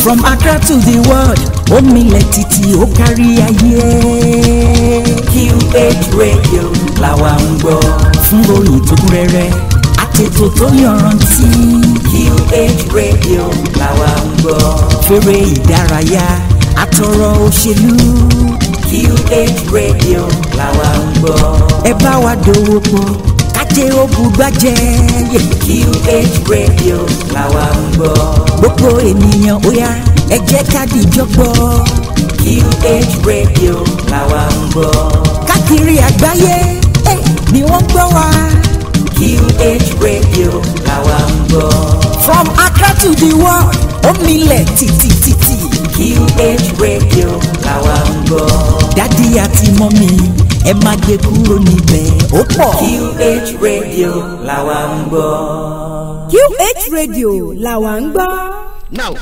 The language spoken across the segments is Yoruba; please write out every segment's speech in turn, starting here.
From Accra to the world, omilẹ̀ títí ó kárí ayé. QH Radio làwa ń gbọ́. Fún oyin tó kún rẹ́rẹ́, àtètò tó yọrantí. QH Radio làwa ń gbọ́. Fèrè ìdárayá, àtọ̀rọ̀ òṣèlú. QH Radio làwa ń gbọ́. Ẹ bá wa dòwò pọ̀ jáde ó bugbájẹ́. QH radio làwa ń gbọ́. gbogbo ènìyàn ó yá ẹ jẹ́ ká dìjọ́ gbọ́. QH radio làwa ń gbọ́. káàkiri àgbáyé ni wọ́n gbọ́ wa. QH radio làwa ń gbọ́. from Accra to the world ó milẹ̀ tìtìtìtì. QH radio làwa ń gbọ́. dádì àti mọ́mí ẹ má gbé kúrò níbẹ̀ ó pọ̀. QH radio làwa ń gbọ́. QH radio làwa ń gbọ́. now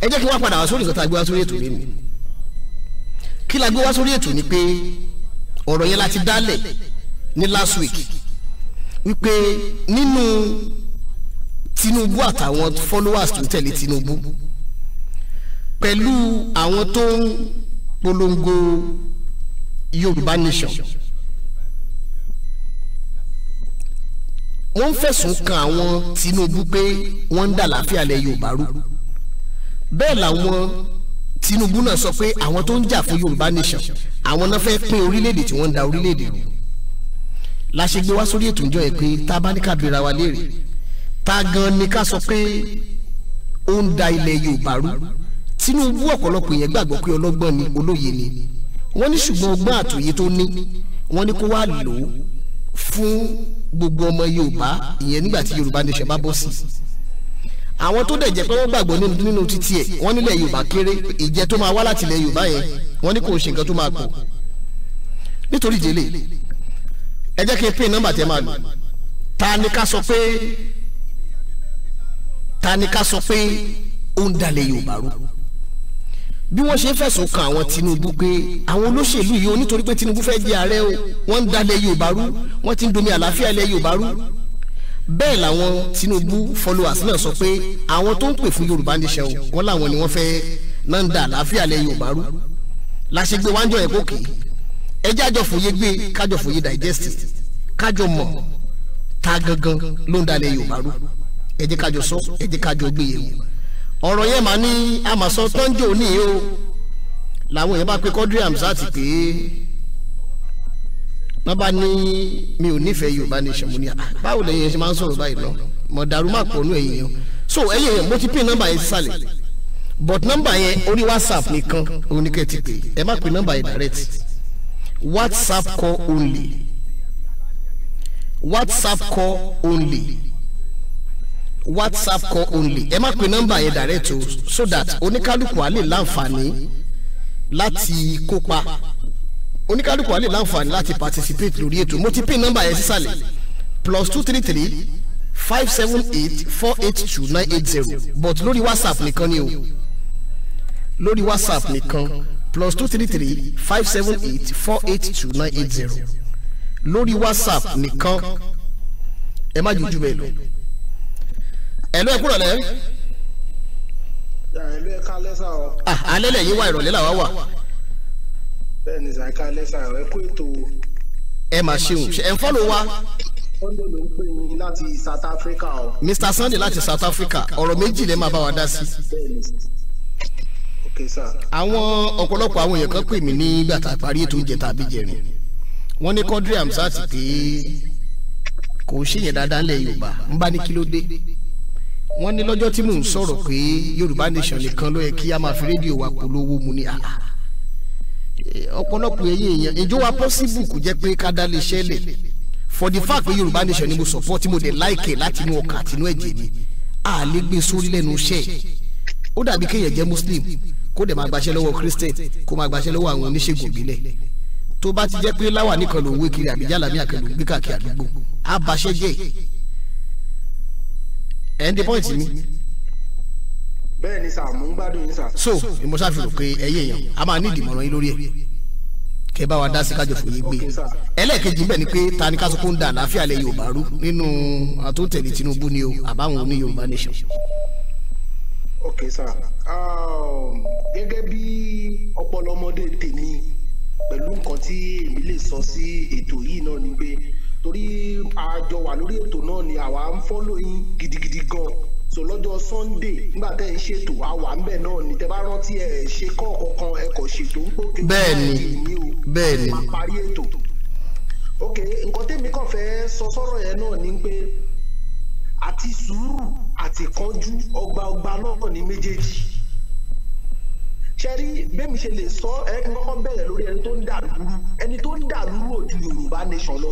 ẹ jẹ́ kí wọ́n padà wá sórí ìkọ́ta gbé wá sórí ètò lẹ́nu kí la gbé wá sórí ètò ni pé ọ̀rọ̀ yẹn la ti dálẹ̀ ní last week wípé nínú Tinubu àtàwọn followers tó ń tẹ̀lé Tinubu pẹ̀lú àwọn tó ń polongo Yorùbá nation wọ́n ń fẹ̀sùn kan àwọn Tinubu pé wọ́n ń dà láfíà lẹ̀ Yorùbá rú bẹ́ẹ̀ làwọn Tinubu náà sọ pé àwọn tó ń jà fún Yorùbá nation àwọn náà fẹ́ pín orílẹ̀-èdè tí wọ́n ń da orílẹ̀-èdè rú la wá sórí ètò ìjọ yẹn pé tá a bá ní ká bèèrè wa léèrè ta gan ni ká sọ pé ó ń da ilẹ̀ Yorùbá rú Tinubu ọ̀pọ̀lọpọ̀ yẹn gbàgbọ́ pé ọlọ́gbọ́n ni olóye ni wọ́n ní ṣùgbọ́n ọgbọ́n àtòyé tó ní wọ́n ní kó wá lò ó fún gbogbo ọmọ Yorùbá ìyẹn nígbà tí Yorùbá nation bá bọ́ sí àwọn tó dẹ̀ jẹ́ pé wọ́n gbàgbọ́ nínú títí ẹ̀ wọ́n nílẹ̀ Yorùbá kéré ìjẹ́ tó máa wá láti ilẹ̀ Yorùbá yẹn wọ́n ní kò ṣe nǹkan tó máa pọ̀ nítorí ìdílé ẹ jẹ́ kí n pín nọ́mbà tẹ́ máa lò ta ni ká sọ pé ta ni ká sọ pé ó ń dalẹ̀ Yorùbá rú bí wọ́n ṣe ń fẹ̀sùn kan àwọn Tinubu pé àwọn olóṣèlú yìí onítorí pé Tinubu fẹ́ jẹ ààrẹ o wọ́n ń dalẹ̀ Yorùbá rú wọ́n ti ń domi àlàáfíà ilẹ̀ Yorùbá rú bẹ́ẹ̀ làwọn Tinubu followers náà sọ pé àwọn tó ń pè fún Yorùbá níṣẹ́ o wọ́n làwọn ni wọ́n fẹ́ náà ń da àlàáfíà ilẹ̀ Yorùbá rú làṣẹ gbé wájọ ẹ̀ gòkè ẹjẹ́ àjọ fòye gbé kájọ fòye digest kájọ mọ̀ ta gangan ló ń dalẹ̀ Yorùbá rú ẹ kájọ sọ ẹ kájọ gbé yẹ̀wò ọ̀rọ̀ yẹn mà ní àmàsọ tọ́jú òní o làwọn èèyàn bá pe Quadri Hamzat pé wọ́n bá ní mi ò nífẹ̀ẹ́ Yorùbá Nation mo ní à ah, báwo lẹ́yìn ṣe máa ń sọ̀rọ̀ báyìí lọ mọ̀ dàrú má pọ̀ nù ẹ̀yìn o so ẹ̀yìn mo ti pín nọ́mbà yẹn sísàlẹ̀ but nọ́mbà yẹn orí WhatsApp nìkan òun ni kẹ́ ti pè ẹ má pe nọ́mbà yẹn direct WhatsApp call only WhatsApp call only whatsapp call only ẹ má pe nọ́mbà yẹn direct o so that oníkálukú á lè láǹfààní láti kópa oníkálukú á lè láǹfààní láti participate lórí ètò mo ti pin nọ́mbà yẹn sísàlẹ̀ plus two three three five seven eight four eight two nine eight zero but lórí whatsapp nìkan ni o lórí whatsapp nìkan plus two three three five seven eight four eight two nine eight zero lórí whatsapp nìkan ẹ má jù bẹ́ẹ̀ lọ ẹ̀lú ẹ̀kúrọ̀ lẹ́. ẹ̀lú ẹ̀ka lẹ́sà o. Ah, alẹ́ lẹ̀ yín wá ìrọ̀lẹ́ làwa wà. bẹ́ẹ̀ni sà ẹ̀ka lẹ́sà o ẹ ètò. ẹ mà ṣeun ẹ ń fọ́lọ̀ wa. Sunday ló ń pè mí láti South Africa o. Mr Sunday láti South Africa ọ̀rọ̀ méjì lè máa bá wa dá sí. àwọn ọ̀pọ̀lọpọ̀ àwọn èèyàn kan pè mí nígbà tá a parí ètò oúnjẹ tàbí jẹrin wọ́n ní Quadri Hamzat pé kò ń ṣèyàn dáadáa ńlẹ̀ Yorùbá ń bá ní kí ló dé wọ́n ní lọ́jọ́ tí mò ń sọ̀rọ̀ pé Yorùbá nation nìkan ló yẹ kí a máa fi rédíò wa polówó mu ní àná ọ̀pọ̀lọpọ̀ ẹ̀yìn èèyàn ìjọ wa possible kò jẹ́ pé ká dá lè ṣẹlẹ̀ for the fact pé Yorùbá nation ni mo support tí mo dẹ̀ láìkè láti inú ọkàn àti inú ẹ̀jẹ̀ mi à lè gbé e sórí lẹ́nu iṣẹ́ ó dàbí kéèyàn jẹ́ Muslim kó dẹ̀ máa gbaṣẹ́ lọ́wọ́ Christian kó máa gbaṣẹ́ lọ́wọ́ àwọn oníṣègùn ìbílẹ̀ tó bá ti jẹ́ pé láwà nìkan ló ń wé kiri àbíjá làmí àkàlù gbé káàkiri àdúgbò á baṣẹ́ jẹ́ ẹ̀ ń de point mi. bẹ́ẹ̀ ni sà mò gbádùn yín sà. so ìmọ̀sáfihàn pé ẹ̀yẹ èèyàn a máa ní ìdìmọ̀ràn yín lórí ẹ̀ kẹ bá wa dá sí kájọ fòye gbé ẹlẹ́ẹ̀kejì bẹ́ẹ̀ ni pé ta ni kásìkò ń da àlàáfíà lẹ Yorùbá rú nínú àtúntẹ̀lé Tinubu ni o àbáwọn oní Yorùbá nation. ok sà um, gẹ́gẹ́ bí ọpọlọ tèmi pẹ̀lú nǹkan tí èmi lè sọ sí ètò yìí náà ni pé torí àjọ wà lórí ètò náà ni àwa ń fọ́lọ̀ yín gidigidi gan so lọ́jọ́ sunday nígbà tẹ́ ń ṣètò àwa ń bẹ̀ náà ni tẹ́ bá rántí ẹ̀ ṣe kọ́ ọ̀kọ̀ọ̀kan ẹ kò ṣètò ń gbókè bẹ́ẹ̀ni bẹ́ẹ̀ni máa parí ètò ok nǹkan tẹ́mi kàn fẹ́ sọ sọ́rọ̀ yẹn náà ni pé àti sùúrù àti kánjú ọgbà ọgbà náà ní méjèèjì ṣẹ́rí bẹ́ẹ̀ mi ṣe lè sọ ẹ̀ kí n kọ́kọ́ bẹ̀rẹ̀ lórí ẹni tó ń dàlúrú ẹni tó ń dàlúrú òdu yorùbá nation lọ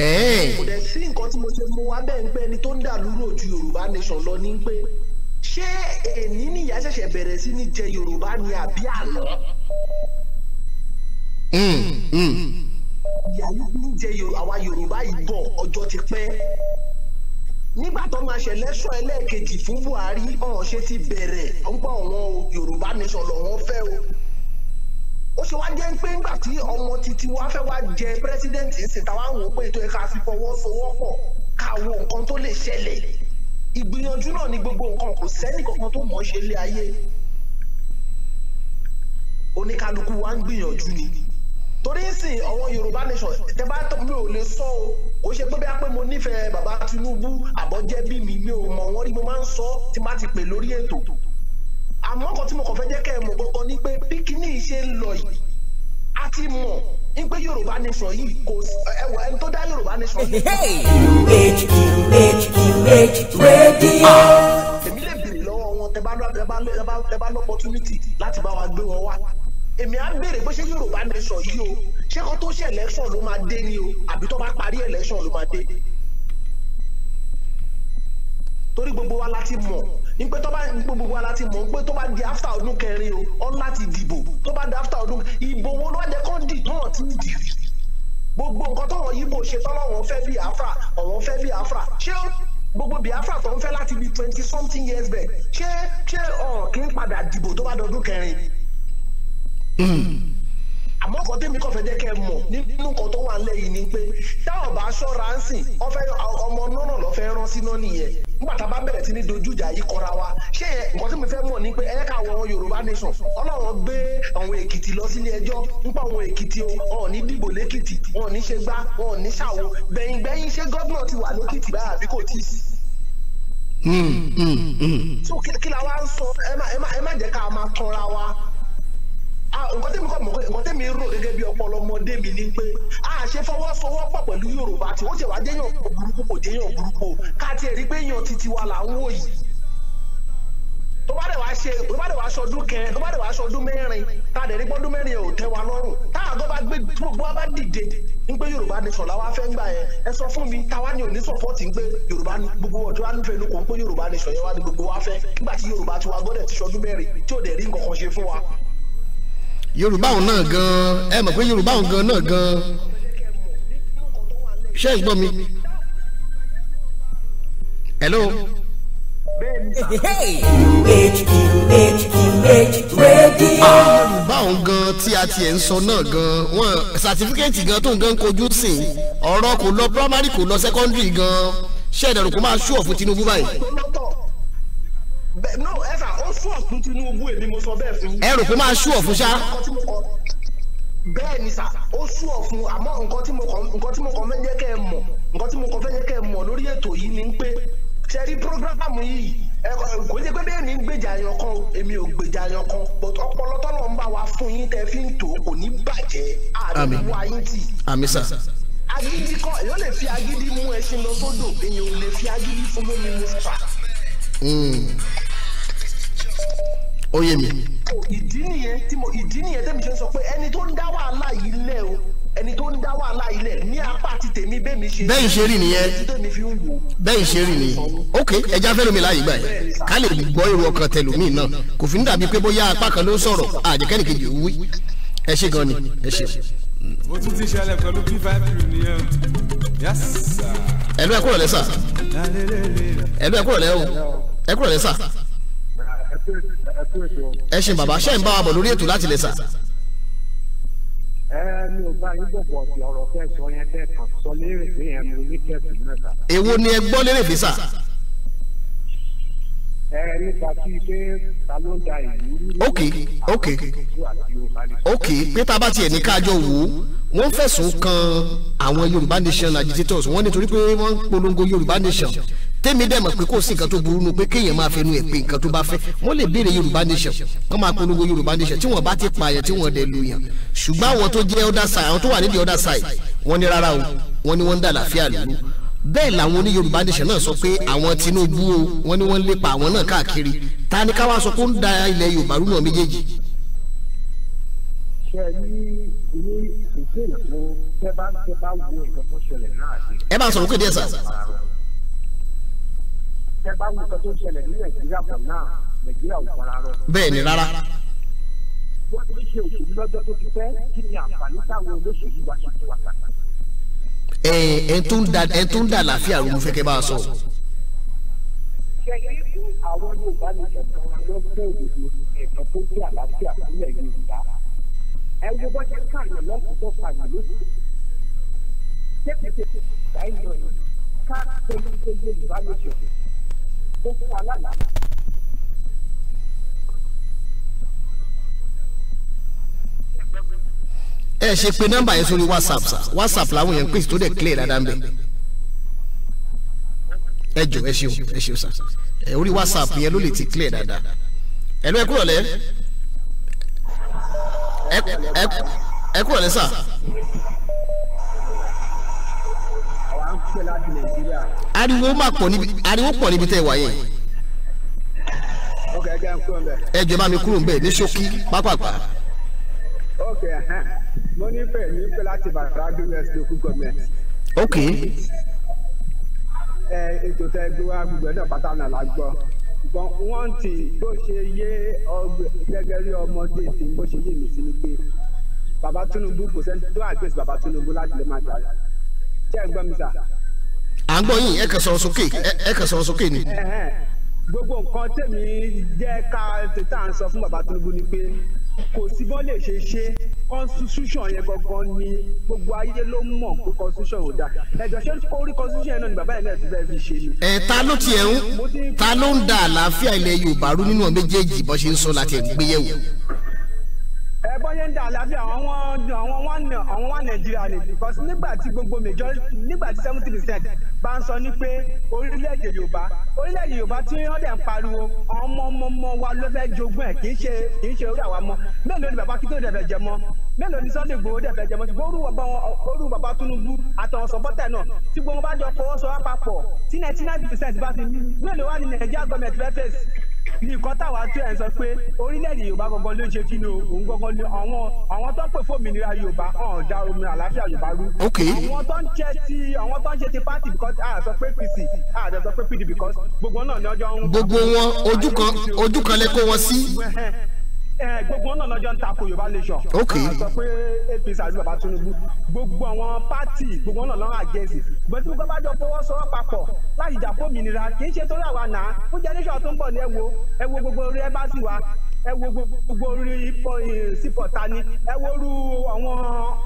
kò dẹ̀ sí nǹkan tí mo ṣe mú wá bẹ́ẹ̀ ń pẹ́ ni tó ń dà lúrò ju yorùbá nation lọ ní pé ṣé èní nìyá ṣẹ̀ṣẹ̀ bẹ̀rẹ̀ sí ní jẹ yorùbá ni àbí àná hmm, hmm. ìyàwó níjẹ àwa yorùbá yìí bọ̀ ọjọ́ ti pẹ́ nígbà tó máa ṣe lẹ́sọ̀ ẹlẹ́ẹ̀kejì fún buhari ọ̀hún ṣe ti bẹ̀rẹ̀ ń pọ̀ yorùbá nation lọ́wọ́ fẹ́ o ó ṣe wá jẹ́ pé nígbà tí ọmọ titi wa fẹ́ wá jẹ president ṣe tàwa wò ó pé ètò ẹ̀ka fi fọwọ́sowọ́pọ̀ ká wo nǹkan tó lè ṣẹlẹ̀ ìgbìyànjú náà ni gbogbo nǹkan kò sẹ́nì kankan tó mọ̀ ṣe lé ayé oníkálukú wa ń gbìyànjú ni torí sìn àwọn Yorùbá nation tẹ bá tọ́ mi ò lè sọ o ó ṣe pé bí a pé mo nífẹ̀ẹ́ bàbá Tinubu àbọ̀jẹ́bí mi mi ò mọ̀ wọ́n rí mo máa ń sọ tí má ti pè lórí ètò àmọ́ nǹkan tí mo kàn fẹ́ jẹ́ kẹ́ ẹ mọ̀ gangan ni pé bí kinní yìí ṣe ń lọ yìí a ti mọ̀ ní pé Yorùbá nation yìí kò ẹwà ẹni tó dá Yorùbá nation yìí. èmi lè béèrè lọ́wọ́ wọn tẹ bá lọ́pọ̀tunítì láti bá wa gbé wọn wá èmi á béèrè pé ṣé Yorùbá nation yìí o ṣé kó tó ṣe election ló máa dé ni o àbí tó bá parí election ló máa dé torí gbogbo wa láti mọ̀ ní pé tó bá gbogbo wa láti mọ̀ pé tó bá di after ọdún kẹrin o ọ láti dìbò tó bá di after ọdún ìbò wo ló wá jẹ́ kó dì tó hàn tí ń dì gbogbo nǹkan táwọn yìí bò ṣe tọ́lọ́wọ́n fẹ́ Biafra ọ̀wọ́n fẹ́ Biafra ṣé gbogbo Biafra tó ń fẹ́ láti bí twenty something years back ṣé ṣé ọ̀n kì í padà dìbò tó bá dọdún kẹrin àmọ́ kan tèmi kàn fẹ́ jẹ́ kẹ́ ẹ mọ̀ nínú kan tó wà ń lẹ́yìn ni pé táwọn bá ṣọ́ra ń sìn ọmọ náà lọ́fẹ́ rán síná nìyẹn nígbà tá a bá bẹ̀rẹ̀ sí ní dojú yìí kọra wa ṣé nǹkan tí mo fẹ́ mọ̀ ni pé ẹ ká wọ Yorùbá nation Ọlọ́run gbé àwọn Èkìtì lọ sílé ẹjọ́ nípa àwọn Èkìtì o wọn ní dìbò lẹ́kìtì wọn ò ní ṣe gbá wọn ò ní ṣàwo gbẹ̀yìngbẹ̀yìn ṣé gómìnà ti wà lẹ́kìtì báyà bí kò tí ì sí. Hmm, hmm, hmm. so kí la wá ń sọ ẹ má jẹ́ ká máa tanra wa nǹkan tẹ́mi kọ́ mọ̀ pé nǹkan tẹ́mi rò gẹ́gẹ́ bí ọpọlọ ọmọdé mi ni pé a ṣe fọwọ́sowọ́pọ̀ pẹ̀lú Yorùbá tí ó ṣe wá jẹ́yàn burúkú kò jẹ́yàn burúkú ká tiẹ̀ rí pé èèyàn titi wa là ń wò yìí tó bá dẹ̀ wá ṣe tó bá dẹ̀ wá ṣọdún kẹ tó bá dẹ̀ wá ṣọdún mẹ́rin tá a dẹ̀ rí pọ́dún mẹ́rin ò tẹ́ wa lọ́rùn tá àgọ́ bá gbé gbogbo wa bá dìde ń pé Yorùbá nation la wá fẹ́ ń gbà yẹn ẹ sọ fún mi táwa ni òní sọ̀pọ́tì ń pé Yorùbá ni gbogbo ọjọ́ wa nífẹ̀ẹ́ lóko ń pé Yorùbá nation yẹn wá ní gbogbo wa fẹ́ nígbà tí Yorùbá ti wá gọ́dẹ̀ ti ṣọdún mẹ́rin tí ò dẹ̀ rí nǹkan kan ṣe fún wa yorùbá òun náà gan ẹ mọ̀ pé yorùbá òun gan náà gan ṣé ẹ gbọ́ mi. hello. yorùbá òun gan tí a tiẹ̀ ń sọ náà gan wọn sàtífíkẹ́ẹ̀tì gan tó ń gan kojú sí ọ̀rọ̀ kò lọ primary kò lọ secondary gan ṣé ẹ̀dẹ̀rù kò máa ṣú ọ̀fun Tinubu báyìí. no ẹ fà máa sú Tinubu èmi mo sọ bẹ́ẹ̀ fún yín. ẹ máa sú ọ̀fun ṣá. bẹ́ẹ̀ ni sà ó sú ọ̀fun àmọ́ nǹkan tí mo kàn fẹ́ jẹ́ kẹ́ ẹ mọ̀ nǹkan tí mo kàn fẹ́ jẹ́ kẹ́ ẹ mọ̀ lórí ètò yìí ni pé ṣe rí programu yìí kò ní pé bẹ́ẹ̀ ni gbèjà yan kan èmi ò gbèjà yan kan but ọpọlọ tọ́lọ̀ ń bá wa fún yín tẹ́ fi ń tò kò ní bàjẹ́ àdúgbò ayé tì. àmín sà agídí kan èèyàn lè fi agídí mú ẹṣin lọ sódò èèyàn ò lè fi agídí fún lómi mú fà ó yé mi. ìdí nìyẹn tí mo ìdí nìyẹn tẹ́mi ṣe ń sọ pé ẹni tó ń dá wàhálà yìí lẹ̀ o ẹni tó ń dá wàhálà yìí lẹ̀ ní apá ti tèmi bẹ́ẹ̀ mi ṣe. bẹ́ẹ̀ ṣe rí nìyẹn bẹ́ẹ̀ ṣe rí nìyẹn ok ẹja fẹ́ lómi láàyè gbà yẹn ká lè gbọ́ èrò ọkàn tẹlómìn náà kò fi ń dàbí pé bóyá apá kan ló sọ̀rọ̀ àjẹkẹ́nìkejì wí ẹ ṣe gan ni ẹ ṣe. ó tún ti ṣẹlẹ̀ pẹ̀lú p five nìyẹn yásà. ẹ̀lú ẹ̀kúrọ̀lẹ́ sà ẹ̀lú ẹ̀kúrọ̀lẹ́ o sà ẹ ṣe bàbá ṣe ń bá wa bọ̀ lórí ètò láti lè sà. ẹ mi ò bá yín bọ̀bọ̀ ọ̀dì ọ̀rọ̀ tẹ́ sọ yẹn tẹ́ kàn sọ lérè pé ẹ mú ní kẹ́ẹ̀sì mẹ́ta. èwo ni ẹ gbọ́ lérè pé sà. ẹ nípa tí pé ta ló da ìlú. ok ok ok pé tá a bá tiẹ̀ ní káàjọ wò ó wọ́n fẹ̀sùn kan àwọn Yorùbá Nation agitators wọ́n nítorí pé wọ́n ń polongo Yorùbá Nation tẹ́mi dẹ̀ mọ̀ pé kò sí nǹkan tó burú nu pé kéèyàn máa fẹnu ẹ̀ pé nǹkan tó bá fẹ́ wọ́n lè béèrè Yorùbá Nation wọ́n máa polongo Yorùbá Nation tí wọ́n bá ti pààyàn tí wọ́n dẹ̀ lu yàn ṣùgbọ́n àwọn tó jẹ́ other side àwọn tó wà nídìí other side wọ́n ní rárá o wọ́n ní wọ́n ń dà láfíà lóru bẹ́ẹ̀ làwọn oní Yorùbá Nation náà sọ pé àwọn Tinubu o wọ́n ní wọ́n ń lépa àwọn náà káàkiri ta ni ká wá sọ pé ó ń da ilẹ̀ Yorùbá rú náà méjèèjì. ṣe ní ní ìbéèrè fún tẹ́ bá tẹ́ bá wo ẹ bá sọ̀rọ̀ kéde ẹ̀ sà tẹ bá wù kan ṣẹlẹ̀ ní nàìjíríà kan náà nàìjíríà ò fara rọ. bẹ́ẹ̀ ni rárá. wọ́n ti ṣe òṣèlú lọ́jọ́ tó ti fẹ́ kí ni àǹfààní táwọn olóṣèlú wa ṣe wà kàkà. ẹ ẹ tún da ẹ tún da àlàáfíà rú fẹ́kẹ́ bá a sọ. ṣẹ́yìn àwọn yorùbá ní ṣọ̀kan lọ́sẹ̀ òdodo ẹ̀kan tó dé àlàáfíà sílẹ̀ yorùbá. ẹ ká pẹ̀lú gbogbo ìbánisọ̀rọ̀ tó fún wa lánàá. ẹ ṣe pé nọ́mbà yẹn sórí whatsapp sa whatsapp làwọn yẹn ń pèsè tó dẹ̀ clear dáadáa ń bẹ̀ ẹ jọ ẹ ṣeun ẹ ṣeun sa ẹ orí whatsapp yẹn ló lè ti clear dáadáa ẹ lọ ẹ kúrò lẹ ẹ kúrò lẹ sà ariwo máa pọ̀ níbi ariwo pọ̀ níbi tẹ́ ẹ wà yẹn. ẹ jẹ́ bá mi kúrò ńbẹ̀ ní ṣókí pápápá. ok uh-huh. mo nífẹ̀ẹ́ mi fẹ́ láti bàbá dúró ẹsẹ̀ lókù gọ́ọ̀mẹ̀ntì. ok. ẹ ètò tẹ gbé wa gbogbo ẹ̀dọ̀ pátá náà la gbọ́ ṣùgbọ́n wọ́n ti bó ṣe yé gẹ́gẹ́ rí ọmọdé tí bó ṣe yé mi sí ni pé Baba Tinubu kò sẹ́ni tó àgbèsè bàbá Tinubu láti lè máa jà jẹ́ ẹ̀ gbọ́ mi sà à ń gbọ́ yín ẹ kàn sọ̀rọ̀ sókè ẹ kàn sọ̀rọ̀ sókè ni. gbogbo nǹkan tèmi jẹ́ ká tètè à ń sọ fún bàbá Tinubu ni pé kò sí bọ́ lè ṣe ṣe constitution yẹn gangan ni gbogbo ayé ló mọ̀ pé constitution ò da ẹ̀jọ̀ ṣé orí constitution yẹn náà ni bàbá yẹn náà ti fẹ́ fi ṣe ni. ẹ ta ló tiẹ̀ ń ta ló ń da àlàáfíà ilẹ̀ Yorùbá rú nínú méjèèjì bó ṣe ń sọ láti ẹ̀ ẹ bọ́yé ń dà àlàáfíà àwọn àwọn one àwọn one nàìjíríà ni because nígbà tí gbogbo majority nígbà tí seventy percent bá ń sọ ní pé orílẹ̀-èdè yorùbá orílẹ̀-èdè yorùbá tí wọ́n dẹ̀ ń pariwo ọmọ wa ló fẹ́ jogún ẹ̀ kì í ṣe kì í ṣe orí àwa mọ́ mélòó ni bàbá kí tó dẹ̀ fẹ́ jẹ mọ́ mélòó ni Sunday Igboho dẹ̀ fẹ́ jẹ mọ́ ṣùgbọ́n orú bàbá orú bàbá Tinubu àtàwọn sọ̀pọ́tẹ̀ náà tí gbogbo bá jọ fọwọ́sowọ́pọ̀ tí ninety nine percent bá fi mélòó wà ní nàìjíríà gọ́ọ̀mẹ̀ntì fẹ́ fèsì nǹkan táwa tún ẹ̀ sọ pé orílẹ̀-èdè yorùbá gangan ló ṣe kíni òun gangan ni àwọn àwọn tó ń pè fòmìnira yorùbá hàn dá omi àlàáfíà yorùbá rú. àwọn tó ń ṣe ti àwọn tó ń ṣe ti party because a sọ pé pc a sọ pé pd because gbogbo náà ni ọjọ́ ń. gbogbo wọn ojú kan ojú kan lè kó wọn sí. Eh, gbogbo náà lọ́jọ́ ń takò yorùbá nation. ok wọ́n sọ pé apc àti baba tinubu gbogbo àwọn pátì gbogbo náà lọ́wọ́ àgẹ́sì gbọ́dọ̀ tí gbogbo bá jọ fọwọ́ sọ papọ̀ láti jà fún òmìnira kì í ṣe torí àwa náà fún generation tó ń bọ̀ ní ẹ wo ẹ wo gbogbo orí ẹ bá sì wá ẹ wo gbogbo orí eh, sípọ̀ta ni ẹ wo rú àwọn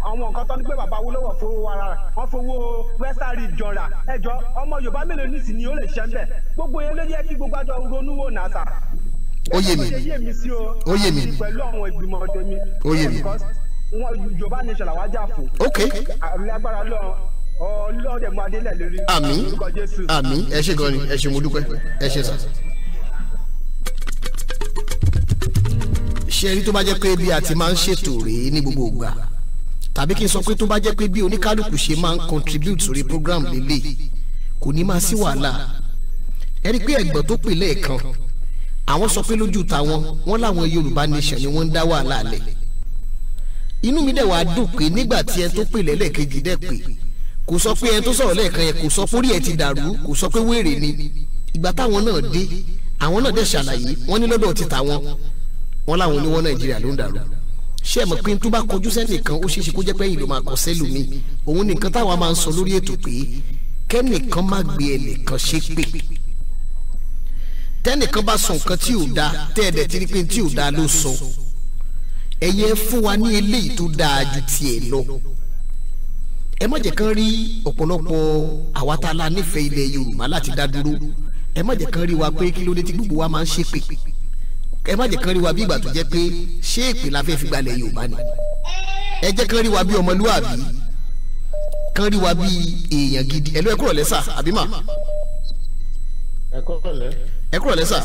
àwọn nǹkan tó ní pé bàbá Awólọ́wọ̀ fowó ara rẹ̀ wọ́n fowó wẹ́sàrì jọra ẹjọ́ ọmọ yorùbá mélòó nìsín ni ó lè ṣẹ́ ń bẹ̀ gbogbo yẹn ló yẹ kí gbogbo àjọ ronú wò nàṣà ó yé mi ó yé mi ó yé mi. yorùbá ok. àmì agbára ẹ ṣe gan ni ẹ ṣe mo dúpẹ́ ẹ ṣe sà. ṣe rí tó bá jẹ́ pé bí a ti máa ń ṣètò rèé ní gbogbo ìgbà tàbí kí n sọ pé tó bá jẹ́ pé bí oníkálukú ṣe máa ń contribute sórí program lélẹ̀ kò ní máa sí wàhálà ẹ rí i pé ẹ̀gbọ́n tó pè lẹ́ẹ̀kan àwọn sọ pé lójú tàwọn wọn láwọn yorùbá nation ni wọ́n ń dá wàhálà lẹ̀ inú mi dẹ̀ wá dùn pé nígbà tí ẹ tó pè lẹ́lẹ́kejì dẹ̀ pé kò sọ pé ẹ tó sọ̀rọ̀ lẹ́ẹ̀kan yẹn kò sọ pé orí ẹ ti dàrú kò sọ pé wèrè ni ìgbà táwọn náà dé àwọn náà dẹ̀ ṣàlàyé wọ́n ní lọ́dọ̀ ti tàwọn wọ́n láwọn oníwọ́ nàìjíríà ló ń dàrú ṣé ẹ mọ̀ pé tó bá kọjú sẹ́nìkan ó ṣeéṣe kó jẹ́ pé ìlú máa kọ́ sẹ́lùmí òun nìkan táwa máa ń sọ lórí ètò pé kẹ́nìkan má gbé ẹnìkan ṣépè tẹ́nìkan bá sọ nǹkan tí ò da tẹ́ ẹ dẹ̀ ti rí pé tí ò da ló sọ ẹ̀yẹ fún wa ní eléyìí tó dáa ju tiẹ̀ lọ ẹ má jẹ́ kán rí ọ̀pọ̀lọpọ̀ àwa tá a la nífẹ̀ẹ́ ilẹ̀ Yorùbá láti dá dúró ẹ má jẹ́ kán rí wa pé kí ló dé tí gbogbo wa máa ń ṣépè ẹ má jẹ́ rí wa bí ìgbà tó jẹ́ pé ṣé èpè la fẹ́ fi gbalẹ̀ Yorùbá ni ẹ jẹ́ kán rí wa bí ọmọlúwàbí kán rí wa bí èèyàn gidi ẹ ló ẹ kúrò lẹ́sà àbí mà. ẹ kúrò lẹ́sà ẹ kúrò lẹ́sà.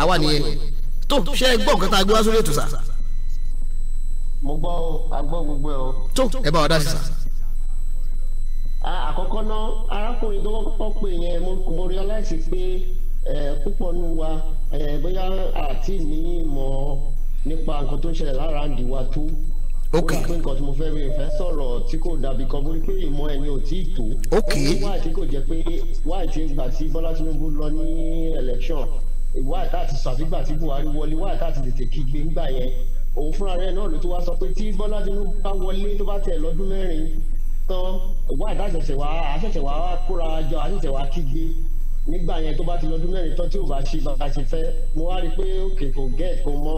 àwa nìyẹn tó ṣe é gbọ́ nǹkan tá a gbé wá sórí ètò sà. mo gbọ́ agbọ́ gbogbo ẹ o. tó ẹ bá wa dá sí sà. àkọ́kọ́ náà arákùnrin tó kọ́kọ́ pè yẹn mo rí ọ láìsí pé púpọ̀ nù wa bóyá àti ní ìmọ̀ nípa nǹkan tó ń ṣẹlẹ̀ lára àǹdí wa tó. Okay. ó yà nǹkan tí mo fẹ́ rí ìfẹ́ sọ̀rọ̀ tí kò dàbí kan bóyá pé ìmọ̀ ẹni ò tí ì tó ok wáyé tí kò jẹ́ pé wáyé tí gbà tí Bọ́lá Tinubu lọ ní election wáyé tá àti sàbígbà tí Buhari wọlé wáyé tá àti tètè kígbe ńgbà yẹn òun fúnra rẹ̀ náà ló tún wá sọ pé tí Bọ́lá Tinubu bá wọlé tó bá tẹ̀ lọ́dún mẹ́rin tán wáyé tá àṣẹ̀ṣẹ̀ wá wá kóra jọ àṣẹ̀ṣẹ̀ wá kígbe nígbà yẹn tó bá ti lọ́dún mẹ́rin tán tí ò bá ṣe bàbá ṣe fẹ́ mo wá rí i pé òkè kò gẹ́ẹ̀ kò mọ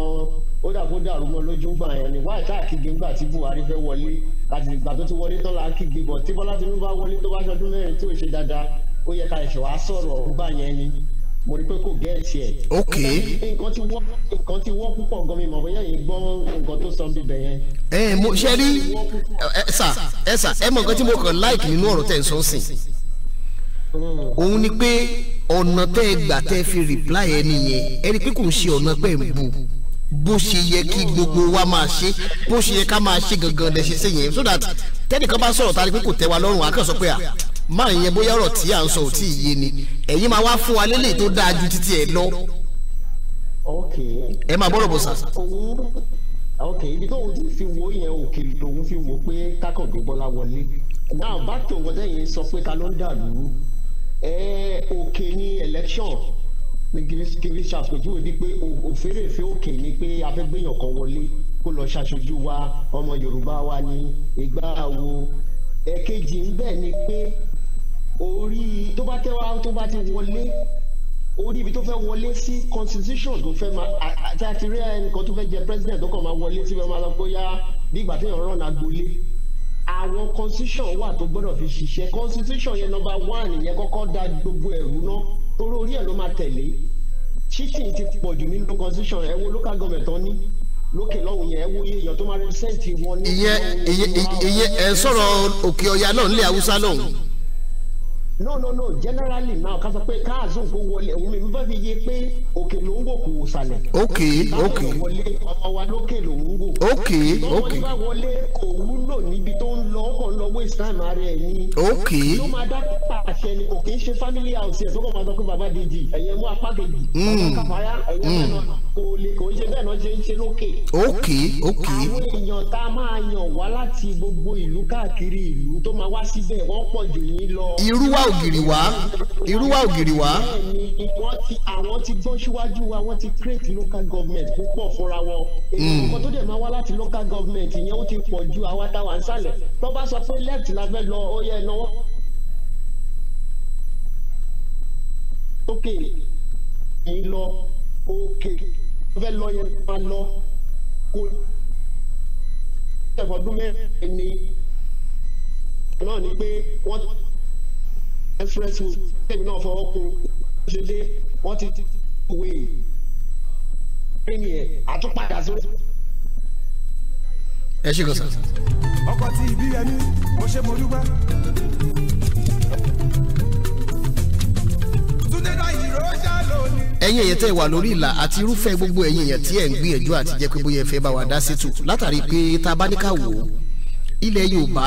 ó dà kó dàrú mọ́ lójú gbà yẹn ni wáyé káàkiri ńgbà tí Buhari fẹ́ wọlé àti ìgbà tó ti wọlé tán là á tí Bọ́lá Tinubu bá wọlé tó bá ṣọdún mẹ́rin tí ò ṣe dáadáa ó yẹ ká ẹ̀ṣẹ̀ wàá sọ̀rọ̀ ńgbà yẹn ni mo rí i pé kò gẹ́ẹ̀ tiẹ̀. ok nǹkan ti wọ́ púpọ̀ gan mi mọ̀ bóyá yìí gbọ́ nǹkan tó sọ bíbẹ̀ yẹn. Eh, ẹ mo ṣe rí eh, eh, ẹ sà ẹ sà ẹ mọ nǹkan tí mo kàn láìkì nínú ọ̀rọ̀ tẹ̀ ń sọ sìn òun ni pé ọ̀nà tẹ́ ẹ gbà tẹ́ ẹ fi reply ẹni yẹn ẹni pé kò ń ṣe ọ̀nà pẹ̀ ń bu bó ṣe yẹ kí gbogbo wa máa ṣe bó ṣe yẹ ká máa ṣe gangan lẹ ṣe yẹn so that tẹ́nìkan bá sọ̀rọ̀ tani pé kò tẹ́ wa lọ́rùn wa kàn sọ pé à máa yẹn bóyá ọ̀rọ̀ tí à ń sọ ò yé ni ẹ̀yin máa wá fún wa lélẹ̀ tó dáa ju títí ẹ̀ lọ. ẹ máa bọ́rọ̀ bọ̀ sà ok ibi tóun ti fi wo yẹn òkè lòun fi wo pé kákọ̀gbé wọlé náà bá tòun tẹ́yìn sọ pé ta ló ń dàlú òkè ni election kiri ṣàpèjúwe bíi pé òfèrèfé òkè ni pé afẹ́gbéyàn kan wọlé kó lọ ṣàṣojú wa ọmọ Yorùbá wa ní ìgbà wo ẹ̀kejì ń bẹ̀ ni pé orí tó bá tẹ́ wá tó bá ti wọlé orí ibi tó fẹ́ wọlé sí constitution tó fẹ́ máa àti àti rí ẹnìkan tó fẹ́ jẹ president tó kàn máa wọlé sí fẹ́ máa lọ bóyá bí ìgbà téèyàn rán agbolé àwọn constitution wà tó gbọ́dọ̀ fi ṣiṣẹ́ constitution yẹn number one yẹn kọ́kọ́ da gbogbo ẹ̀rú náà torí orí ẹ̀ ló máa tẹ̀lé cheating ti pọ̀ jù nínú constitution ẹ wo local government tán ní lókè lọ́hùn yẹn ẹ wo iye èèyàn tó máa represent wọn. ìyẹn ìyẹn ẹ sọ̀rọ̀ òkè ọ̀yà náà nílẹ̀ haúsá lọ́hùn no no no generally now ká sọ pé káàzó nǹkan wọlé òun mi bá fi yé pé òkè ló ń gò kò sàlẹ̀. ok ok ọmọ wa lókè ló ń gò. ok ok lọ́wọ́ bá wọlé kò wúlò níbi tó ń lọ ọkọ̀ lọ waste time ara ẹ̀ ni. ok ló máa dá pàṣẹ ni kò kì í ṣe family house ẹ̀ tó kọ́ máa sọ pé bàbá dèjì ẹ̀yẹ̀ apá kejì. Hmm. ọ̀sán kàfáyà ẹ̀yẹ̀ hmm. mẹ́rin kò lè ṣe bẹ́ẹ̀ náà ṣe ń ṣe lókè. ok ok. àwọn èèyàn tá a máa yàn wá láti gbogbo ìlú káàkiri ìlú tó máa wá síbẹ̀ wọ́n pọ̀ jù yín lọ. irúwà ògiri wá irúwà ògiri wá. wọ́n ti àwọn ti gbọ́ síwájú wa wọ́n ti create local government púpọ̀ fúnra wọn. Hmm. èyí tó dẹ̀ máa wá láti local government ìyẹn ó ti pọ̀ ju àwa táwa ń sàlẹ̀ tó bá sọ pé left la fẹ́ lọ ó yẹ náwó. ok yín okay tó fẹ́ lọ yẹn máa lọ kó ẹ̀fọ́dún mẹ́rin ni náà ni pé wọ́n express road tẹ̀mí náà fọwọ́ kun ṣe dé wọ́n ti wé ẹ̀yìn e. ẹ̀ àtúpadà sórí. ẹ ṣe kọsán. ọkọ̀ tí ìbí ẹni mo ṣe mo dúpẹ́. ẹ̀yin èyàn tẹ́ wà lórí ìlà àti irúfẹ́ gbogbo ẹ̀yin èyàn tí ẹ̀ ń gbìyànjú àti jẹ́ pé bóyá ẹ bá wa dá sétù látàrí pé tá a bá ní ká wò ó ilẹ̀ Yorùbá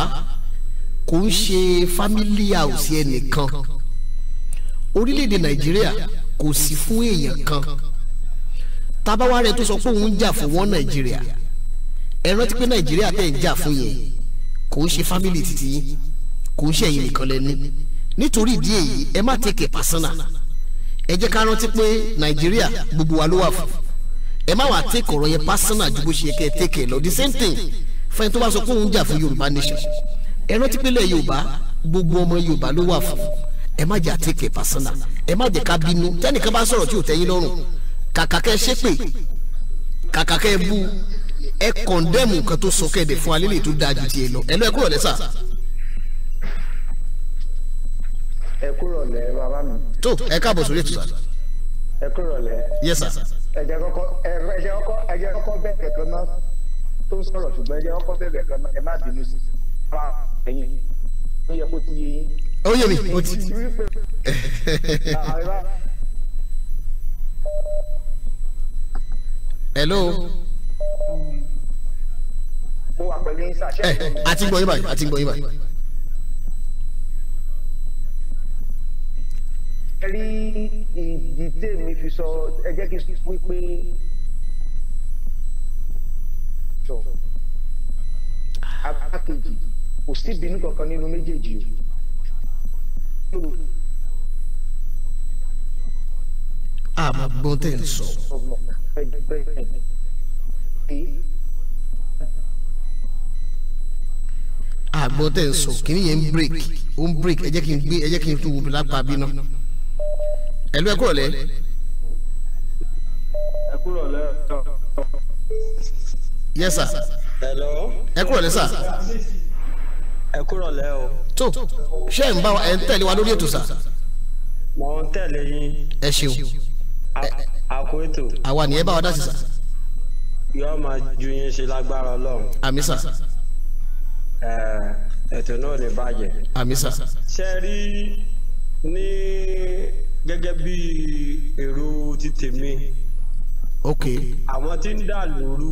kò ń ṣe fámílì àwòsí ẹnìkan orílẹ̀-èdè Nàìjíríà kò sí fún èèyàn kan tábáwá rẹ tó sọ pé òun ń jà fún wọn Nàìjíríà ẹ rántí pé Nàìjíríà tẹ̀ ń jà fún yẹn kò ń ṣe fámílì títí kò ń ṣe ẹ̀yin nìkan lẹ́ni nítorí ìdí èyí ẹ má take it personal ẹ jẹ́ ká rántí pé nàìjíríà gbogbo wa ló wà fún ẹ má wàá tẹ́kọ̀ ọ̀rọ̀ yẹn pásánà ju bó ṣe yẹ kẹ́ ẹ tẹ́kẹ̀ lọ the same thing fẹ́ni tó bá sọ pé òun jà fún yorùbá nation ẹ rántí pé ilẹ̀ yorùbá gbogbo ọmọ yorùbá ló wà fún ẹ má jà tẹ́kẹ̀ pásánà ẹ má jẹ́ ká bínú tẹ́nìkan bá sọ̀rọ̀ tí ò tẹ́yìn lọ́rùn kàkà kẹ́ ẹ ṣépè kàkà kẹ́ ẹ bú ẹ kọ̀ndẹ́mù nǹkan tó sọ kẹ́ ẹ dẹ̀ fún alẹ́ lè tó dáa ju tiẹ̀ lọ ẹ lọ ẹ kúrò lẹ́sà ẹ kúrò lẹ bàbá mi. tó ẹ káàbọ̀ sórí ètò sà. ẹ kúrò lẹ. yes sà. ẹ jẹ́ kọ́kọ́ ẹ jẹ́ kọ́kọ́ ẹ jẹ́ kọ́kọ́ bẹ́ẹ̀ kẹ̀kẹ́ náà tó ń sọ̀rọ̀ ṣùgbọ́n ẹ jẹ́ kọ́kọ́ bẹ́ẹ̀ kẹ̀kẹ́ náà ẹ má bínú sí ara ẹ̀yìn ó yẹ kó ti yé yín. ó yé mi ó ti. hello. mo wà pẹ̀lú insa. sà. ẹ àti gbọ́ yín báyìí àti gbọ́ báyìí. rí ìdí tèmi fi sọ ẹ jẹ́ kí n wí pé sọ apá kejì kò sí ìbínú kankan nínú méjèèjì o. àmọ́ gbọ́n tẹ̀ ń sọ. àgbọ̀n tẹ̀ ń sọ kí ni yẹn ń break ó ń break ẹ jẹ́ kí n gbé ẹ jẹ́ kí n tún wo lápá bí náà ẹ̀lú ẹ kúrọ̀lẹ́. ẹ kúrọ̀lẹ́. yes sir. hello. ẹ kúrọ̀lẹ́ sir. ẹ kúrọ̀lẹ́ o. tó ṣé ẹ̀ ń bá wa ẹ̀ ń tẹ̀lé wa lórí ètò sà. mo ń tẹ̀lé yín. ẹ ṣeun. àkó ètò. àwa nìyẹn bá wa dá sí sà. yóò máa ju yín ṣe lágbára Ọlọ́run. àmì sà. ẹ ètò náà ò bàjẹ́. àmì sà. ṣe rí ní gẹ́gẹ́ bí èrò ti tèmi àwọn tí ń dà lóru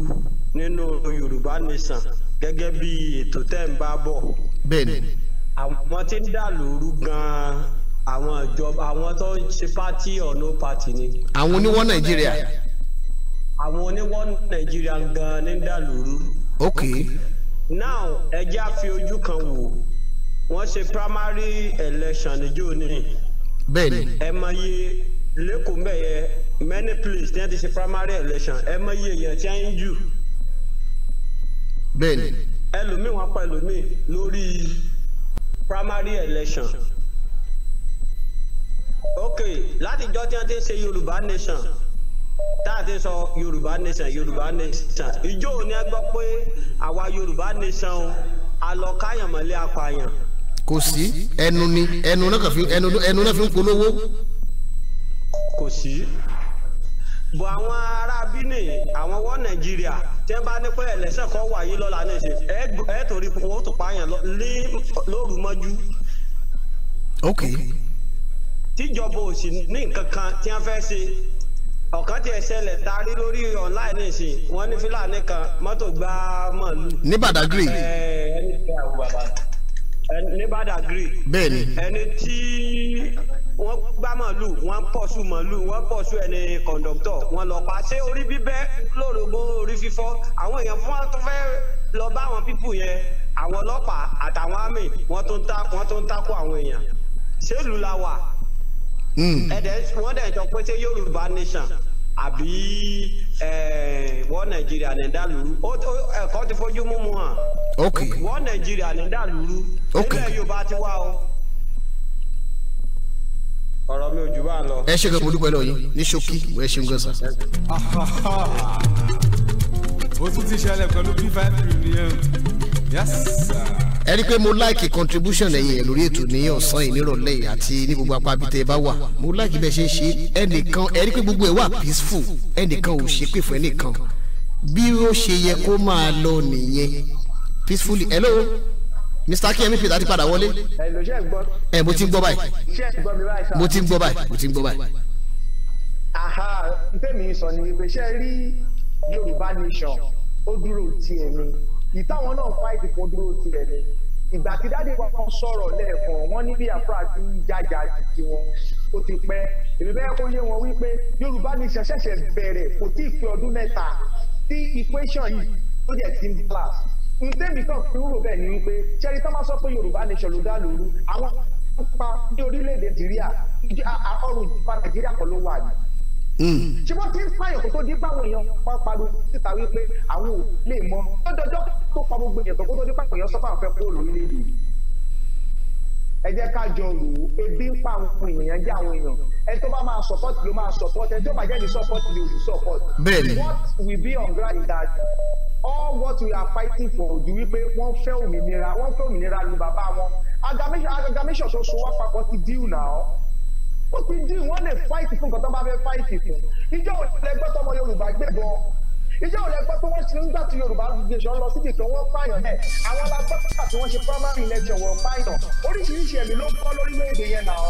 nínú Yorùbá Nation gẹ́gẹ́ bí ètò tẹ́ ń bá bọ̀ àwọn tí ń dà lóru gan-an àwọn ìjọba àwọn tó ń ṣe pátì ọ̀nà pátì ni. àwọn oníwọ́ Nàìjíríà. àwọn oníwọ́ Nàìjíríà gan-an ní dà lóru. ok. now ẹjẹ́ á fi ojú kan wò wọ́n ṣe primary election níjó ní bẹ́ẹ̀ni. ẹ mọ iye lẹ́kọ̀ọ́ mẹ́yẹ many place tí wọ́n ti primary election ẹ mọ iye èèyàn tí wọ́n ń jù. bẹ́ẹ̀ni. ẹlòmíì wọn pa ẹlòmíì lórí primary election. ok látijọ́ tí wọ́n ti ń ṣe yorùbá nation tá a ti sọ yorùbá nation yorùbá nation ìjọ òní ẹ gbọ́ pé àwa yorùbá nation o a lọ káyàn mọ́lé apààyàn kò sí ẹnu ni ẹnu náà kàn fi ẹnu ẹnu náà fi ń polówó. kò sí bọ̀ àwọn ará bíní àwọn wọ nàìjíríà tí wọ́n bá ní pé ẹlẹ́sẹ̀ kan wáyé lọ́la ní ìṣe ẹ torí wọn ó tún pààyàn lóru mọ́jú. ok. tíjọba ò sì ní nǹkan kan tí wọ́n fẹ́ ṣe ọ̀kan tí ẹ ṣẹlẹ̀ taari lórí online nìsín wọ́n ní fúlàní kan mọ́tò gbá màálù. ní Badagry. ẹ ẹ ní ìgbà wo bàbá nobody agree. bẹ́ẹ̀ni. ẹni tí wọ́n gbá màálù wọ́n pọ̀ṣù màálù wọ́n pọ̀ṣù ẹni kọ̀ǹdọ̀tọ̀ wọ́n lọ pa ṣé orí bíbẹ́ lórogbo orí fífọ́ àwọn èèyàn fún wọn tó fẹ́ lọ bá àwọn pípù yẹn àwọn ọlọ́pàá àtàwọn àmì wọ́n tó ń takò àwọn èèyàn ṣé ìlú la wà. Hmm. ẹ̀dẹ̀ wọ́n dẹ̀ jọ pé ṣé Yorùbá nation àbí eh, wọ nàìjíríà ní dàlúrú ẹ̀kọ́ ti fojú múmu hàn wọ nàìjíríà ní dàlúrú nílẹ̀ yorùbá ti wá o ọ̀rọ̀ mi ò jù bá a lọ. ẹ ṣe kí mo dúpẹ́ ní ṣókí ẹ ṣe ń gan sa. ó tún ti ṣẹlẹ̀ pẹ̀lú b5 reunion ẹ rí i pé mo like contribution ẹ̀yin ẹ̀ lórí ètò ní ọ̀sán yìí nírọ̀lẹ́ yìí àti ní gbogbo apá abitẹ́ bá wà mo like bẹ́ẹ̀ ṣe ń ṣe ẹnìkan ẹ rí i pé gbogbo ẹ̀ wà peaceful ẹnìkan ò ṣe pè fún ẹnìkan bí ó ṣe yẹ kó máa lọ nìyẹn peacefully hello mr kí mp láti padà wọlé ẹ mo ti ń gbọ́ báyìí mo ti ń gbọ́ báyìí mo ti ń gbọ́ báyìí. aha ntẹ́mi sọ ni wípé ṣe rí yorùbá nation ó dúró tiẹ̀ ni ìtàwọn náà fáìtì fún dúró tirẹ̀ ni ìgbà tí dáadé wa kan sọ̀rọ̀ lẹ́ẹ̀kan wọ́n ní bí àfúrà ti ń jájà jìjì wọn ó ti pẹ́ èmi bẹ́ẹ̀ kó yé wọn wípé Yorùbá ní ṣẹ̀ṣẹ̀ṣẹ̀ bẹ̀rẹ̀ kò tí ì fi ọdún mẹ́ta tí equation yìí ó jẹ́ ti ń balance ntẹ́mi kan fi wúrò bẹ́ẹ̀ ni wípé ṣẹ́ni tó máa sọ pé Yorùbá nation ló dá lóru àwọn pa ní orílẹ̀-èdè Nàìjíríà ọrùn ìjọba Nàìjíríà kan ló wà ní ṣé wọ́n ti ń fàyàn kó dé báwọn èèyàn pa pariwo síta wípé àwọn ò lè mọ lọ́dọọdọ́ tó pa gbogbo èèyàn tó tó dé báwọn èèyàn sọ fún àwọn fẹ́ kúrò lórílẹ̀‐èdè ẹ jẹ́ ká jọ rò ó ebi ń pa àwọn èèyàn jẹ́ àwọn èèyàn ẹni tó bá máa support ló máa support ẹni tó bá jẹ́ ní support ni òṣù support. bẹ́ẹ̀ni what we be on ground that all what we are fighting for ojú wípé wọ́n fẹ́ òmìnira wọ́n fẹ́ òmìnira lu bàbá wọn agamẹ́sọ̀ tó so wá papọ̀ ti deal now ó ti dín wọ́n lè fáìtì fún nǹkan tó bá fẹ́ fáìtì fún ìjọ ò lè gbọ́ tọmọ Yorùbá gbé gan ìjọ ò lè gbọ́ pé wọ́n ti ń gbà tí Yorùbá nation lọ síbi kan wọ́n pààyàn ẹ̀ àwọn alágbàtà tí wọ́n ṣe primary election wọ́n pààyàn oríṣiríṣi ẹ̀mí ló kọ́ lórílẹ̀‐èdè yẹn náà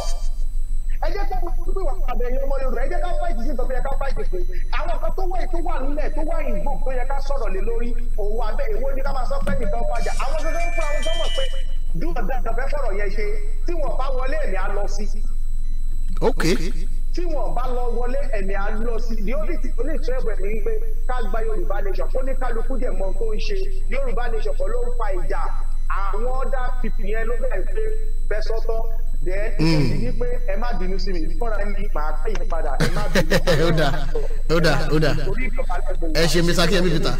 ẹ jẹ́ ká gbogbo ìwà àbẹ̀yìn ọmọ Yorùbá ẹ jẹ́ ká fáìtì sí ìtọ́fẹ́ ká fáìtì pé àwọn kan tó wà tó wà nílẹ̀ tó wà ìgbò tó yẹ ká sọ̀rọ̀ lé lórí òun abẹ́ ìwé ní ká máa sọ pé nìkan fàjà àwọn tó fẹ́ fún àwọn tó mọ̀ pé dúró dáadáa fẹ́ fọ̀rọ̀ yẹn ṣe tí wọ́n bá wọlé ẹ̀mí á lọ sí ok tí wọn bá lọ wọlé ẹ̀mí à ń lọ sí the only thing only twelve ẹ̀mí ń pé ká gba yorùbá nation kó ní kálukú dẹ̀ mọ tó ń ṣe yorùbá nation kọ́ ló ń fa ìjà àwọn ọ̀dà pipi yẹn ló bẹ̀rẹ̀ pé bẹ́ sọ́tọ́ dẹ́ ẹ̀mí ní pé ẹ má bínú sí mi fúnra mi màá ká yìí padà ẹ má bínú. ó dà ó dà ó dà ẹ ṣe mi sákẹ́ mi peter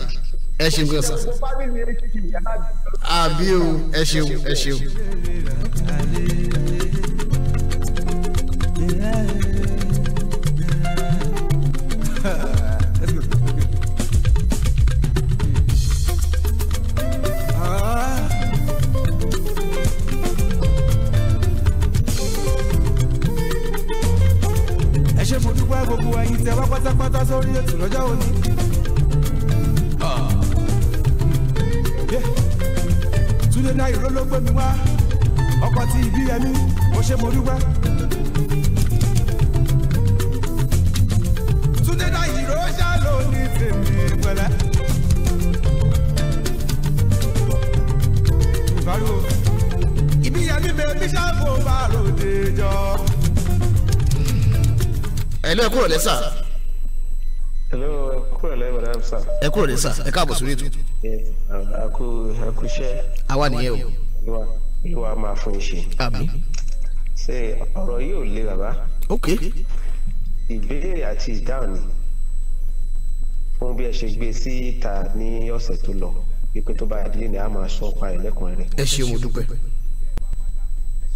ẹ ṣe mi sá. àbí o ẹ ṣeun ẹ ṣeun. pátápátá sórí ètò lọ́jọ́ òní. Túndé náà ìró ló gbé mi wá ọkọ̀ tí ìbí ẹni mo ṣe mo dúpẹ́. Túndé náà ìró ṣá ló tèmi pẹ̀lẹ́. Ìbáríwò ìbí ẹni lẹ́sà ẹ kúrò ní sà ẹ káàbọ̀ sórí ètò. àkúṣe. àwa nìyẹn o. ìwà máa fún iṣẹ́. àmín. ṣe ọ̀rọ̀ yìí ò le bàbá. ok. ìbéèrè àti ìdáhùn ni fún bí ẹ ṣe gbé e síta ní ọ̀sẹ̀ tó lọ ipe tó bá ìdílé ni a máa sọ ọpa ẹ̀ lẹ́kùnrin rẹ̀. ẹ ṣé mo dúpẹ́.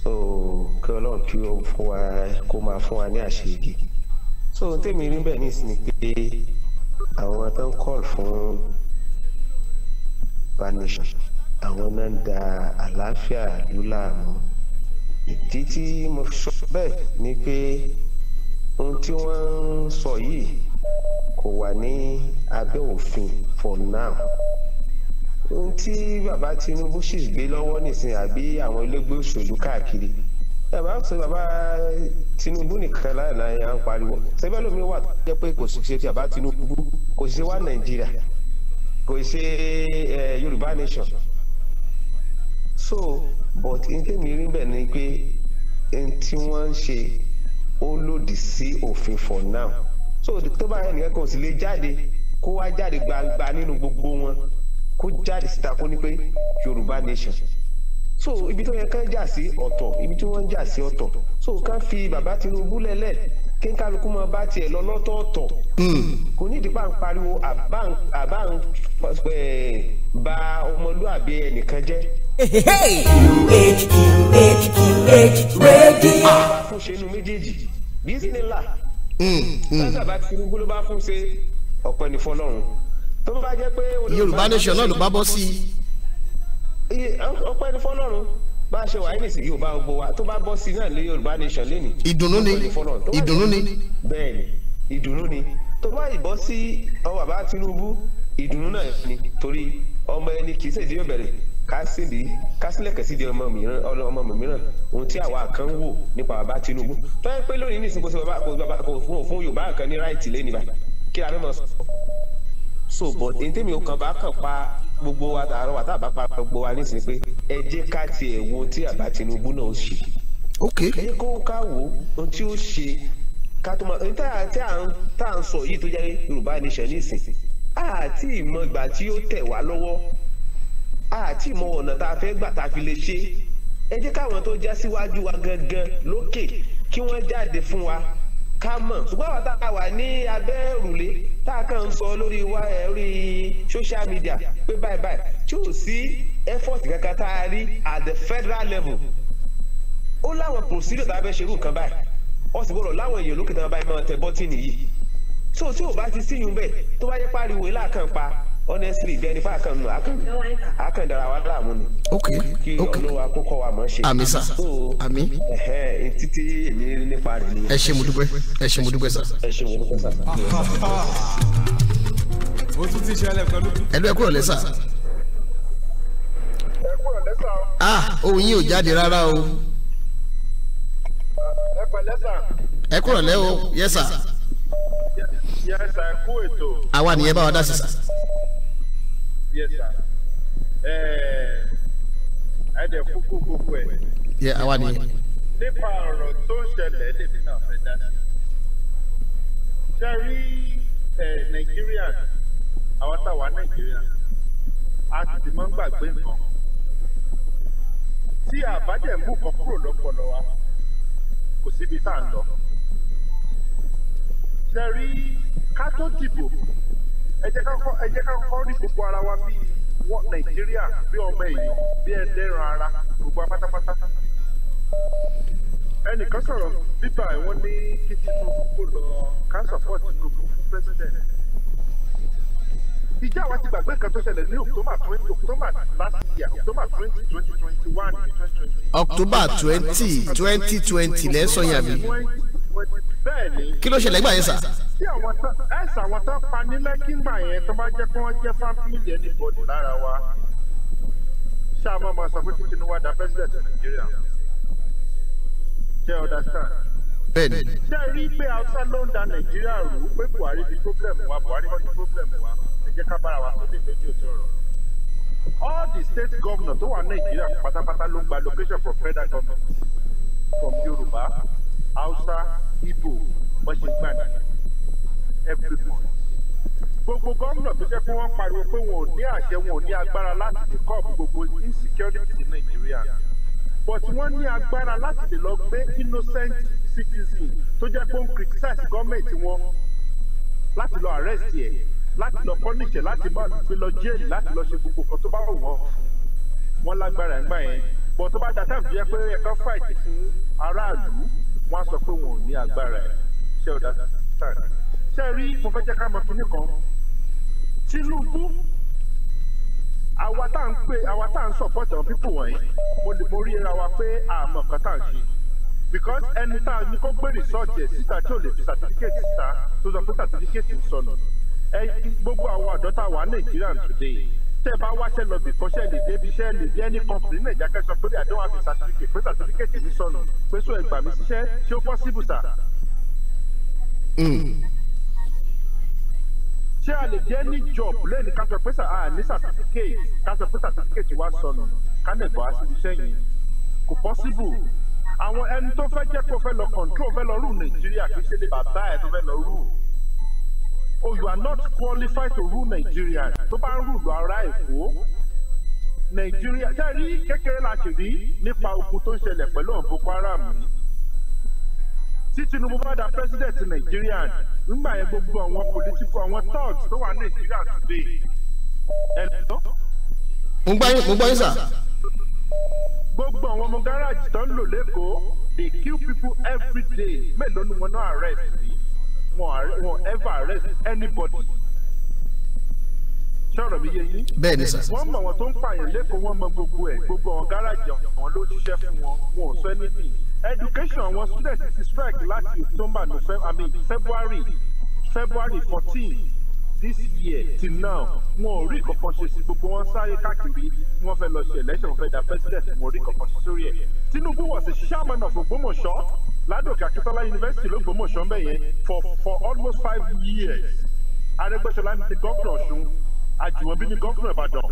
so kí ọlọ́run kí ó fún wa kó máa fún wa ní àṣeyege. so tèmi rí bẹ́ẹ̀ ní ìsinmi pé àwọn tó ń call fún banishing àwọn náà ń da àlàáfíà ìlú láàmú ìdí tí mo fi sọ bẹ́ẹ̀ ni pé ohun tí wọ́n ń sọ yìí kò wà ní abẹ́ òfin for now ohun tí bàbá Tinubu sì gbé lọ́wọ́ nísìnyí àbí àwọn ẹlẹgbẹ́ òṣèlú káàkiri ẹ ṣe bàbá Tinubu nìkan láìláì à ń pariwo ṣẹbẹ lómi wà tó pé kò sì ṣe ti bàbá Tinubu kò sì ṣe wá Nàìjíríà kò sì ṣe Yorùbá nation so but n tẹ́mi rí bẹ́ẹ̀ ni pé n tí wọ́n ń ṣe ó lòdì sí òfin for now so tó bá yẹn nìkan kò sì lè jáde kó wá jáde gbangba nínú gbogbo wọn kó jáde síta kó ní pé Yorùbá nation so ibi tó yẹ kán jà sí ọ̀tọ̀ ibi tí wọ́n ń jà sí ọ̀tọ̀ so kán fi bàbá Tinubu lẹ́lẹ̀ kí n kálukú máa bá tiẹ̀ lọ lọ́tọ̀ọ̀tọ̀ hmm. kò ní ìdípà ń pariwo àbá ń ba ọmọlúàbí ẹnìkan jẹ́. fún ṣẹ́nu méjèèjì bísínílà sábà hmm, hmm. Tinubu ló bá fún ṣe ọ̀pẹ ní fọlọ́run tó bá jẹ́ pé. Yorùbá Nation náà ló bá bọ́ sí i ọpẹ́ ní fọ́lọ́run bá a ṣe wà ní ìsìn yorùbá gbogbo wa tó bá bọ́ sí náà lé yorùbá nation lénìí. ìdùnnú ni ìdùnnú ni. bẹ́ẹ̀ni ìdùnnú ni tó bá ìbọ́ sí ọmọ bàbá Tinubu ìdùnnú náà ni torí ọmọ ẹni kì í ṣèdí yóò bẹ̀rẹ̀ kásìlì kásìlẹ̀kẹ̀ sí di ọmọ mìíràn ọmọ mìíràn ohun tí àwa kan wò nípa bàbá Tinubu tó yẹ pé lónìí nìsín kò sí bàbá kò fún yorùbá kan ní ráìtì lẹ́nìí bá kí la fẹ́ mọ̀ sọ. so but èyí tèmi ò kàn bá kàn pa gbogbo wa àrọ wa tàbá pa gbogbo wa nísìnyí pé ẹ jẹ́ ká tiẹ̀ wo tí àbá Tinubu náà ṣe. ok ẹ kó ká wo ohun tí ó ṣe ká tó máa ohun tá à ń sọ yìí tó jẹ́ Yorùbá nation nísìnyí àti ìmọ̀gbà tí ó tẹ̀ wá lọ́wọ́ àti ìmọ̀ ọ̀nà tá a fẹ́ gbà tá a fi lè ṣe ẹ jẹ́ káwọn tó já síwájú wa gangan lókè kí wọ́n jáde fún wa ká mọ̀ ṣùgbọ́n àwọn tá a wà ní abẹ́ òrùlé tá a kàn ń sọ lórí wa ẹ̀rí social media pé báyìí báyìí tí ò sí effort kankan tá a rí at the federal level ó láwọn procedure tá a fẹ́ ṣerú nǹkan báyìí ó sì gbọ́dọ̀ láwọn èèyàn lókè tá a báyìí máa tẹ bọ́tìnì yìí so tí ò bá ti síyùn bẹ́ẹ̀ tó bá yẹ pariwo ilé àkànpá honestly bí ẹni fún akànnù akàndara wa láàmú ni. ok ok kí olówó akókò wa mọ̀ ṣe. àmì sà àmì. ẹhẹ títí èmi nípa rẹ ni. ẹ ṣé mo dúpẹ́ ẹ ṣé mo dúpẹ́ sà. ẹ ṣé mo dúpẹ́ sà. o tún ti ṣẹlẹ̀ pẹ̀lú. ẹ lọ ẹ kúrò lẹ́sà. ẹ kúrò lẹ́sà. ah ohun yìí ò jáde rárá o. ẹ pẹ̀lẹ́ sà. ẹ kúrò lẹ́ o yẹ sà. yẹ sà ẹ kú ètò. àwa nìyẹn bá wa dá sí sà. Yes, sir. Eh, ẹ jẹ́ kókó gbogbo ẹ̀. Yẹ àwa ni. Nípa ọ̀rọ̀ tó ń ṣẹlẹ̀ lèmi náà fẹ́ dá sí. Ṣé rí Nàìjíríà àwọn táwa Nàìjíríà a ti máa ń gbàgbé nǹkan. Tí àbájẹ̀mú kan kúrò lọ́pọ̀lọ́ wa, kò síbi tá à ń lọ. Ṣé ẹ jẹ́ ká kọ́ ẹ jẹ́ ká kọ́ ní gbogbo ara wa bíi wọ nàìjíríà bí ọmọ èèyàn bí ẹlẹ́ran ara gbogbo apátápátá. ẹnìkan sọ̀rọ̀ bíbá ẹ̀ wọ́n ní kí tinubu kó lọ ká support tinubu fún president. ìjà wa ti gbàgbé nǹkan tó ṣẹlẹ̀ ní october twenty october last year october twenty twenty twenty one twenty twenty. october twenty twenty twenty lẹ́sọ̀ yàrá kí ló ṣẹlẹ̀ gbà yẹn sà. tí àwọn tán ẹ̀sà àwọn tán pa ní lẹ́kí gbà yẹn tó bá jẹ́ kí wọ́n jẹ́ fámìlì ẹni bọ̀dù lára wa ṣáà máa ma sọ pé kí Tinubu da president Nàìjíríà ṣé understand. bẹ́ẹ̀ni. ṣé rí pé Hausa ló ń da Nàìjíríà rú pé Buhari ní problem wa Buhari ní problem wa ẹ jẹ́ ká bára wa sóde lójú òtún ọ̀rọ̀ all the state governors tó wà Nàìjíríà pátápátá ló gba location for federal government from Yorùbá Hausa, Igbo, Mọ̀ṣẹ̀gbàdì every month. Gbogbo gómìnà tó jẹ́ pé wọ́n pariwo pé wọn ò ní àṣẹ wọn ò ní agbára láti lè kọ́ gbogbo insecurity Nàìjíríà. But wọ́n ní agbára láti lè lọ gbé innocent citizen tó jẹ́ pé ó ń criticize government. wọn láti lọ arrest ẹ̀ láti lọ punish ẹ̀ láti bá gbé lọ jail láti lọ ṣe gbogbo kan tó bá wù wọ́n wọ́n lágbára ẹ̀ ń gbà yẹn. But tó bá dàtà bí ẹ pé ẹ̀ka fight fún aráàlú wọ́n sọ pé wọn ò ní agbára ẹ̀ ṣé ọ̀dà tán ṣe rí mo fẹ́ jẹ́ ká mọ kinní kan Tinubu àwa tá ń pè àwa tá ń support àwọn people wọ̀nyí mo rí ra wa pé àmọ̀ kan tá ń ṣe because ẹni tá a ní kó gbé resort yẹn síta tí ò lè fi certificate síta tó sọ pé certificate ń sọnù gbogbo àwọn àdọ́tà wà Nàìjíríà today tẹ́ ẹ bá wáṣẹ́ lọ bìkan ṣẹ́ lè débi iṣẹ́ lè bí ẹni kọ́mpìnì nàìjà kẹsàn pé àdéhùn àfi sàtífíkè pé sàtífíkètì mi sọnù pé sọ ẹgbà mi ṣiṣẹ́ ṣé ó pọ́sibù sà. Hmm. ṣé a lè jẹ́ ní job lẹ́ni ká sọ pé sà á ní sàtífíkètì ká sọ pé sàtífíkètì wa sọnù ká lè bọ́ àṣírí sẹ́yìn kò pọ́sibù àwọn ẹni tó fẹ́ jẹ́ kó fẹ́ lọ kọ̀ǹtró fẹ́ lọ rú nàìjíríà kì í ṣe lè bàbá ẹ̀ tó fẹ́ lọ rú oh you are not qualified to rule Nigeria tó bá ń rúlu ará Èkó Nigeria ṣe rí kékeré la ṣe rí nípa ogun tó ń ṣẹlẹ̀ pẹ̀lú ọ̀n Boko Haram yìí tí Tinubu bá da president Nigeria nígbà yẹn gbogbo àwọn political àwọn thugs tó wà Nigeria today ẹ lọ. mo gbọ́ yín mo gbọ́ yín sà. gbogbo àwọn ọmọ gáràjì tó ń lò lẹ́kọ̀ọ́ they kill people every day mélòó ni wọn náà arrest yìí wọn wọn ever arrest anybody sọ̀rọ̀ mi yé yín. bẹ́ẹ̀ni sà. wọ́n mọ̀ wọn tó ń pààyàn lẹ́kọ̀ọ́ wọn mọ gbogbo ẹ̀ gbogbo àwọn gáràjì wọn ló ṣiṣẹ́ fún wọn wọn ò sọ anything. education àwọn students ti strike láti october november i mean february february fourteen this year till now wọn ò rí kankan ṣe sí gbogbo wọn sáré káàkiri wọn fẹ́ lọ ṣe election fẹ́ da president wọn ò rí kankan ṣe sórí ẹ̀. tinubu was a chairman of Ògbómọ̀ṣọ́ ládòkè akíntola yunifásitì lọ́gbọ́mọ̀ṣọ́ mbẹ́ yẹn for for almost five years arẹ́gbẹ́ṣọlá ní gómìnà ọ̀ṣun àjùmọ̀bí ní gómìnà ìbàdàn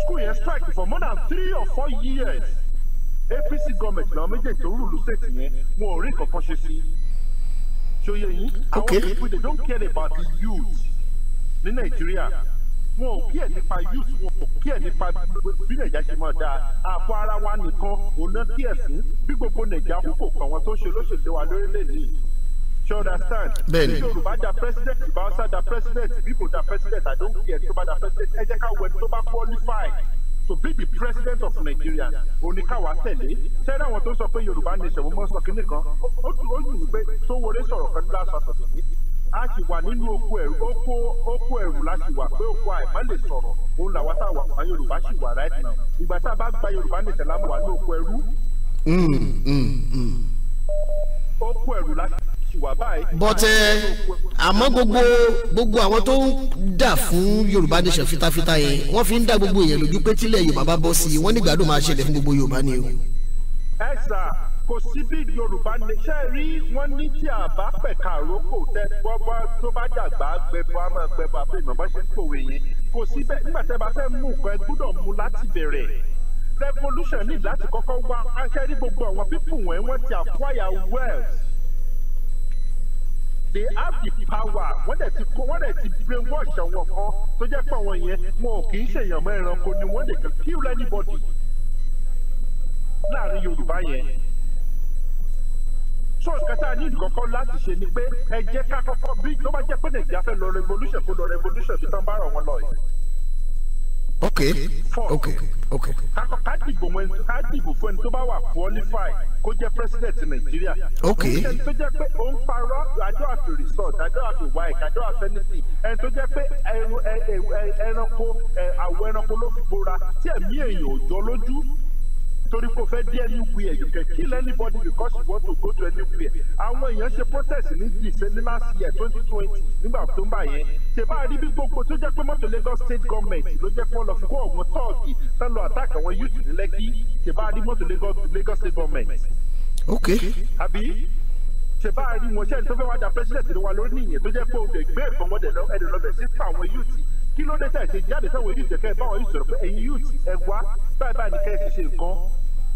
school yẹn strike for more than three or four years apc government làwọn méjèèjì tó rúlu state yẹn wọn ò rí kankan ṣe sí ṣòye yìí àwọn people they don't care about the youth ní nàìjíríà wọn ò kí ẹ̀ nípa youth wọn ò kí ẹ̀ nípa bí nàìjà ṣe máa dáa àpò ara wa nìkan òná kí ẹ̀ fún bí gbogbo nàìjà kúkò kan wọn tó ṣe lóṣèlú wa lórílẹ̀‐èdè yìí ṣe understand. bẹ́ẹ̀ni bí Yorùbá da president bí Hausa da president bí Ibo da president I don't care tó bá da president ẹ jẹ́ ká wẹ̀ tó bá qualify to be the president of Nigeria oníkàwá tẹ̀lé tẹ́lẹ̀ àwọn tó sọ pé Yorùbá nation mo mọ́ sọ kínní kan ó dùn yùn pé Sowore sọ̀rọ̀ kan ní lásán sọ̀tọ̀ a sì wà nínú oko ẹ̀rù oko oko ẹ̀rù la sì wà pé oko àìmọ́ lè sọ̀rọ̀ òun làwa tá a wà fún Yorùbá sì wà right now ìgbà tá a bá gba Yorùbá nìkan la mọ̀ wà ní oko ẹ̀rù. oko ẹ̀rù la sì wà báyìí. bọ́tẹ́ eh, àmọ́ gbogbo gbogbo àwọn tó ń dà fún Yorùbá nation fitafita yẹn wọ́n fi ń dá gbogbo èèyàn lójú pé tílẹ̀ Yorùbá bá bọ́ sí i wọ́n nígbàdùn máa ṣẹlẹ̀ fún gbogbo Yorùbá ni o. ẹ sà kò sí bí yorùbá ṣe rí wọn ní tí a bá pẹ̀ka àrókò tẹ gbọ́gbọ́ tó bá dàgbà gbẹbọ a máa gbẹbọ àbẹ ìmọ̀bọ́ ṣe ń pòwe yẹn kò sí bẹ́ẹ̀ nígbà tẹ́ bá fẹ́ mú nǹkan ẹ gbọ́dọ̀ mú láti bẹ̀rẹ̀ revolution ní láti kọ́kọ́ wá aṣẹ́ rí gbogbo àwọn pípù wọ̀nyí wọ́n ti acquire wealth they have the power wọ́n dẹ̀ ti wọ́n dẹ̀ ti brainwash àwọn kan tó jẹ́ pé àwọn yẹn wọn ò kì í ṣèyàn mọ́ ẹranko ni wọ́n lè kàn kill anybody láàrin yorùbá yẹn so nǹkan tá a ní ìkọ̀kọ́ láti ṣe ni pé ẹ jẹ́ ká kọ́kọ́ bí ló bá jẹ́ pé nàìjíríà fẹ́ lọ revolution kó lọ revolution tí tán bá rọ̀ wọn lọ yìí. ok ok ok. ká dìbò wọn ká dìbò fún ẹni tó bá wà qualify kó jẹ́ president nàìjíríà. ok ẹni tó jẹ́ pé ó ń àjọ àfi resort àjọ àfi wáìk àjọ àfẹnitì ẹni tó jẹ́ pé ẹranko àwọ̀ ẹranko ló fi bora tí ẹ̀mí èèyàn ò lójú torí kò fẹ́ dé anywhere you can kill anybody because you want to go to anywhere àwọn èèyàn ṣe protest ní dìse ní last year twenty twenty nígbà october yẹn ṣèbá rí bí gbogbo tó jẹ́ pé mọ́tò Lagos state government ló jẹ́ kó lọ fún ọ̀gbọ́n tọ́ọ̀gì tán lọ attack àwọn youth ní Lekki ṣèbá rí mọ́tò Lagos state government. ok àbí ṣèbá rí wọn ṣẹ́ni tó fẹ́ wájà president ni wa lórí nìyẹn tó jẹ́ pé òde gbé ìbọn wọn lọ́bẹ̀ sí kí ló dé tẹ̀ jáde sáwọn yìí tẹ̀kẹ́ báwọn yìí sọ̀rọ̀ pé ẹ̀yin yóò ti ẹ̀ báyìí báyìí nìkẹ́ ṣe nǹkan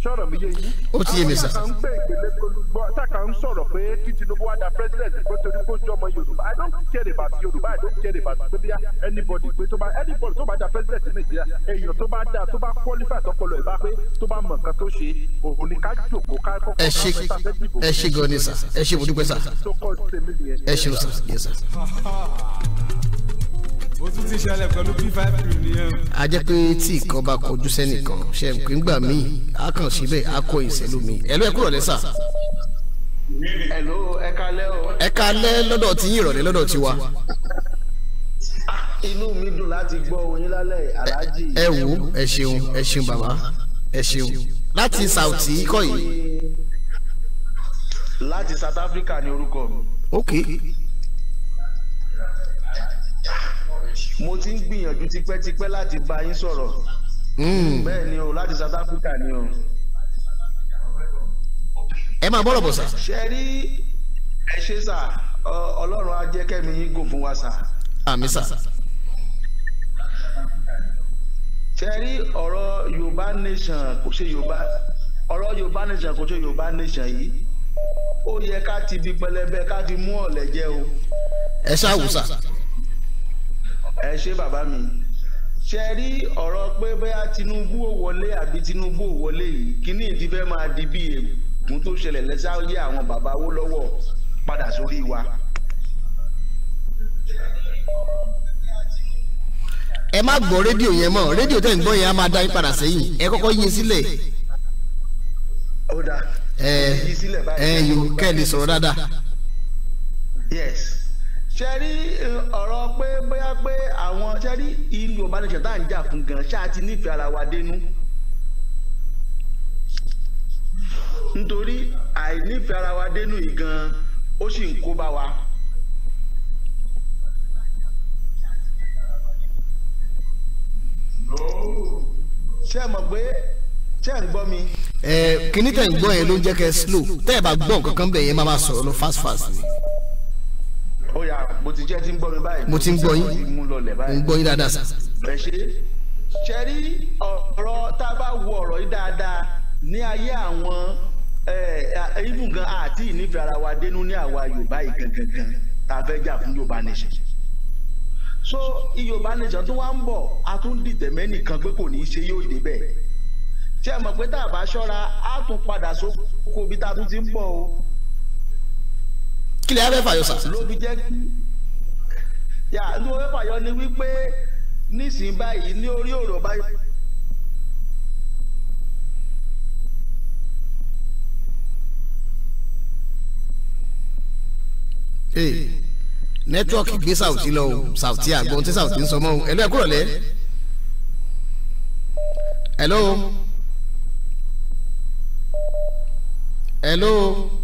sọ̀rọ̀ mi yé yín. ó ti yé mi sà. àwọn kan ń gbé ìpele gbọ́ táàkà ń sọ̀rọ̀ pé kí Tinubu wá da president pé torí kó jọmọ Yorùbá I don't care about Yorùbá I don't care about pé anybody pé tó bá anybody tó bá da president ní èèyàn tó bá da tó bá qualify tọpọlọ ẹ̀ pé tó bá mọ̀ nǹkan tó ṣe òun ni ká jòkó ká kọ́kọ́ ká fẹ́ dìbò. ẹ ṣe gan ni sà ẹ ṣe mo sà ẹ ṣe mo sà yẹ sà ó tún a jẹ́ pé tí ìkan bá kojú sẹ́nìkan ṣe é pé ńgbà míì a kàn síbẹ̀ a kọ ìṣẹ́lú mi ẹ̀lú ẹ̀kú rọ̀lẹ́ sà. ẹ̀lú ẹ̀ka lẹ́ o. ẹ̀ka lẹ́ lọ́dọ̀ tí yín ìrọ̀lẹ́ lọ́dọ̀ tiwa ah, inú mi dùn láti gbọ́ oyin lálẹ́ aláàjì. ẹ wo ẹ ṣeun ẹ ṣeun bàbá ẹ ṣeun láti Saoti kọ́ yìí. láti South Africa ni orúkọ mi. ok mo ti ń gbìyànjú tipẹ́tipẹ́ láti bá yín sọ̀rọ̀ hmm. bẹ́ẹ̀ ni o láti South Africa ni o. ẹ máa bọ́rọ̀ bọ̀ sà. ṣe rí ẹ ṣe sà ọlọ́run á jẹ́ kẹ́mi yín gò fún wa sà. àmín sà. ṣe rí ọ̀rọ̀ Yorùbá nation kò ṣe Yorùbá ọ̀rọ̀ Yorùbá nation kò ṣe Yorùbá nation yìí ó yẹ ká ti di pẹlẹbẹ ká ti mú ọ̀lẹ̀ o. ẹ ṣáà wù sà ẹ ṣe bàbá mi ṣe rí ọ̀rọ̀ pé bóyá Tinubu ò wọlé àbí Tinubu ò wọlé yìí kíní ìdí fẹ́ máa di bí ègún tó ṣẹlẹ̀ lẹ́sàáyé àwọn bàbá wó lọ́wọ́ padà sórí wa. ẹ má gbọ́ rédíò yẹn mọ́ rédíò tẹ̀ ń gbọ́ yẹn á máa dá yín padà sẹ́yìn ẹ kọ́kọ́ yín sílẹ̀. ó dáa ẹ ẹ yòókè lè sọ̀rọ̀ dáadáa. yes ṣe rí ọ̀rọ̀ pé bóyá pé àwọn ṣe rí ìlú ọ̀bánisẹ̀ tá à ń jà fún gan ṣáà ti nífẹ̀ẹ́ ara wa dénú nítorí àìnífẹ̀ẹ́ ara wa dénú yìí gan ó sì ń kó bá wa. ṣé ẹ mọ̀ pé ṣé ẹ ń gbọ́ mi. ẹ kìnnìtẹ̀ ń gbọ́ yẹn ló ń jẹ́ kẹ́ slow tẹ́ ẹ bá gbọ́ nǹkan kan bẹ̀ yẹn máa ma sọ̀rọ̀ lọ fast fast ni ó yá mo ti jẹ́ tí ń gbọ́ mi báyìí. mo ti ń gbọ́ yín mo ń gbọ́ yín dáadáa sà. ẹ ṣe ṣe rí ọ̀rọ̀ tá a bá wo ọ̀rọ̀ yìí dáadáa ní ayé àwọn ibùn gan àti ìnífẹ̀ẹ́ ara wa dénú ní àwa Yorùbá yìí gangan tá a fẹ́ jà fún Yorùbá nation. so Yorùbá nation tó wá ń bọ̀ a tún dìtẹ̀ mẹ́nìkan pé kò ní í ṣe yóò dé bẹ́ẹ̀ tí ẹ mọ̀ pé tá a bá ṣọ́ra á tún padà sóko bí tá a tún ti ń bọ̀ o kí lè afẹ́ fàyọ sà. ló fi jẹ́ kí yà ló fẹ́ fàyọ ni wípé nísìnyí báyìí ní orí ọ̀rọ̀ báyìí. nẹ́tíwọ́ọ̀kì gbé sàwùtí lọ sàwùtí àgbọn tí sàwùtí ń sọ mọ́ ẹ lẹ́ẹ̀kúrọ̀ lẹ́. hello. hello. hello?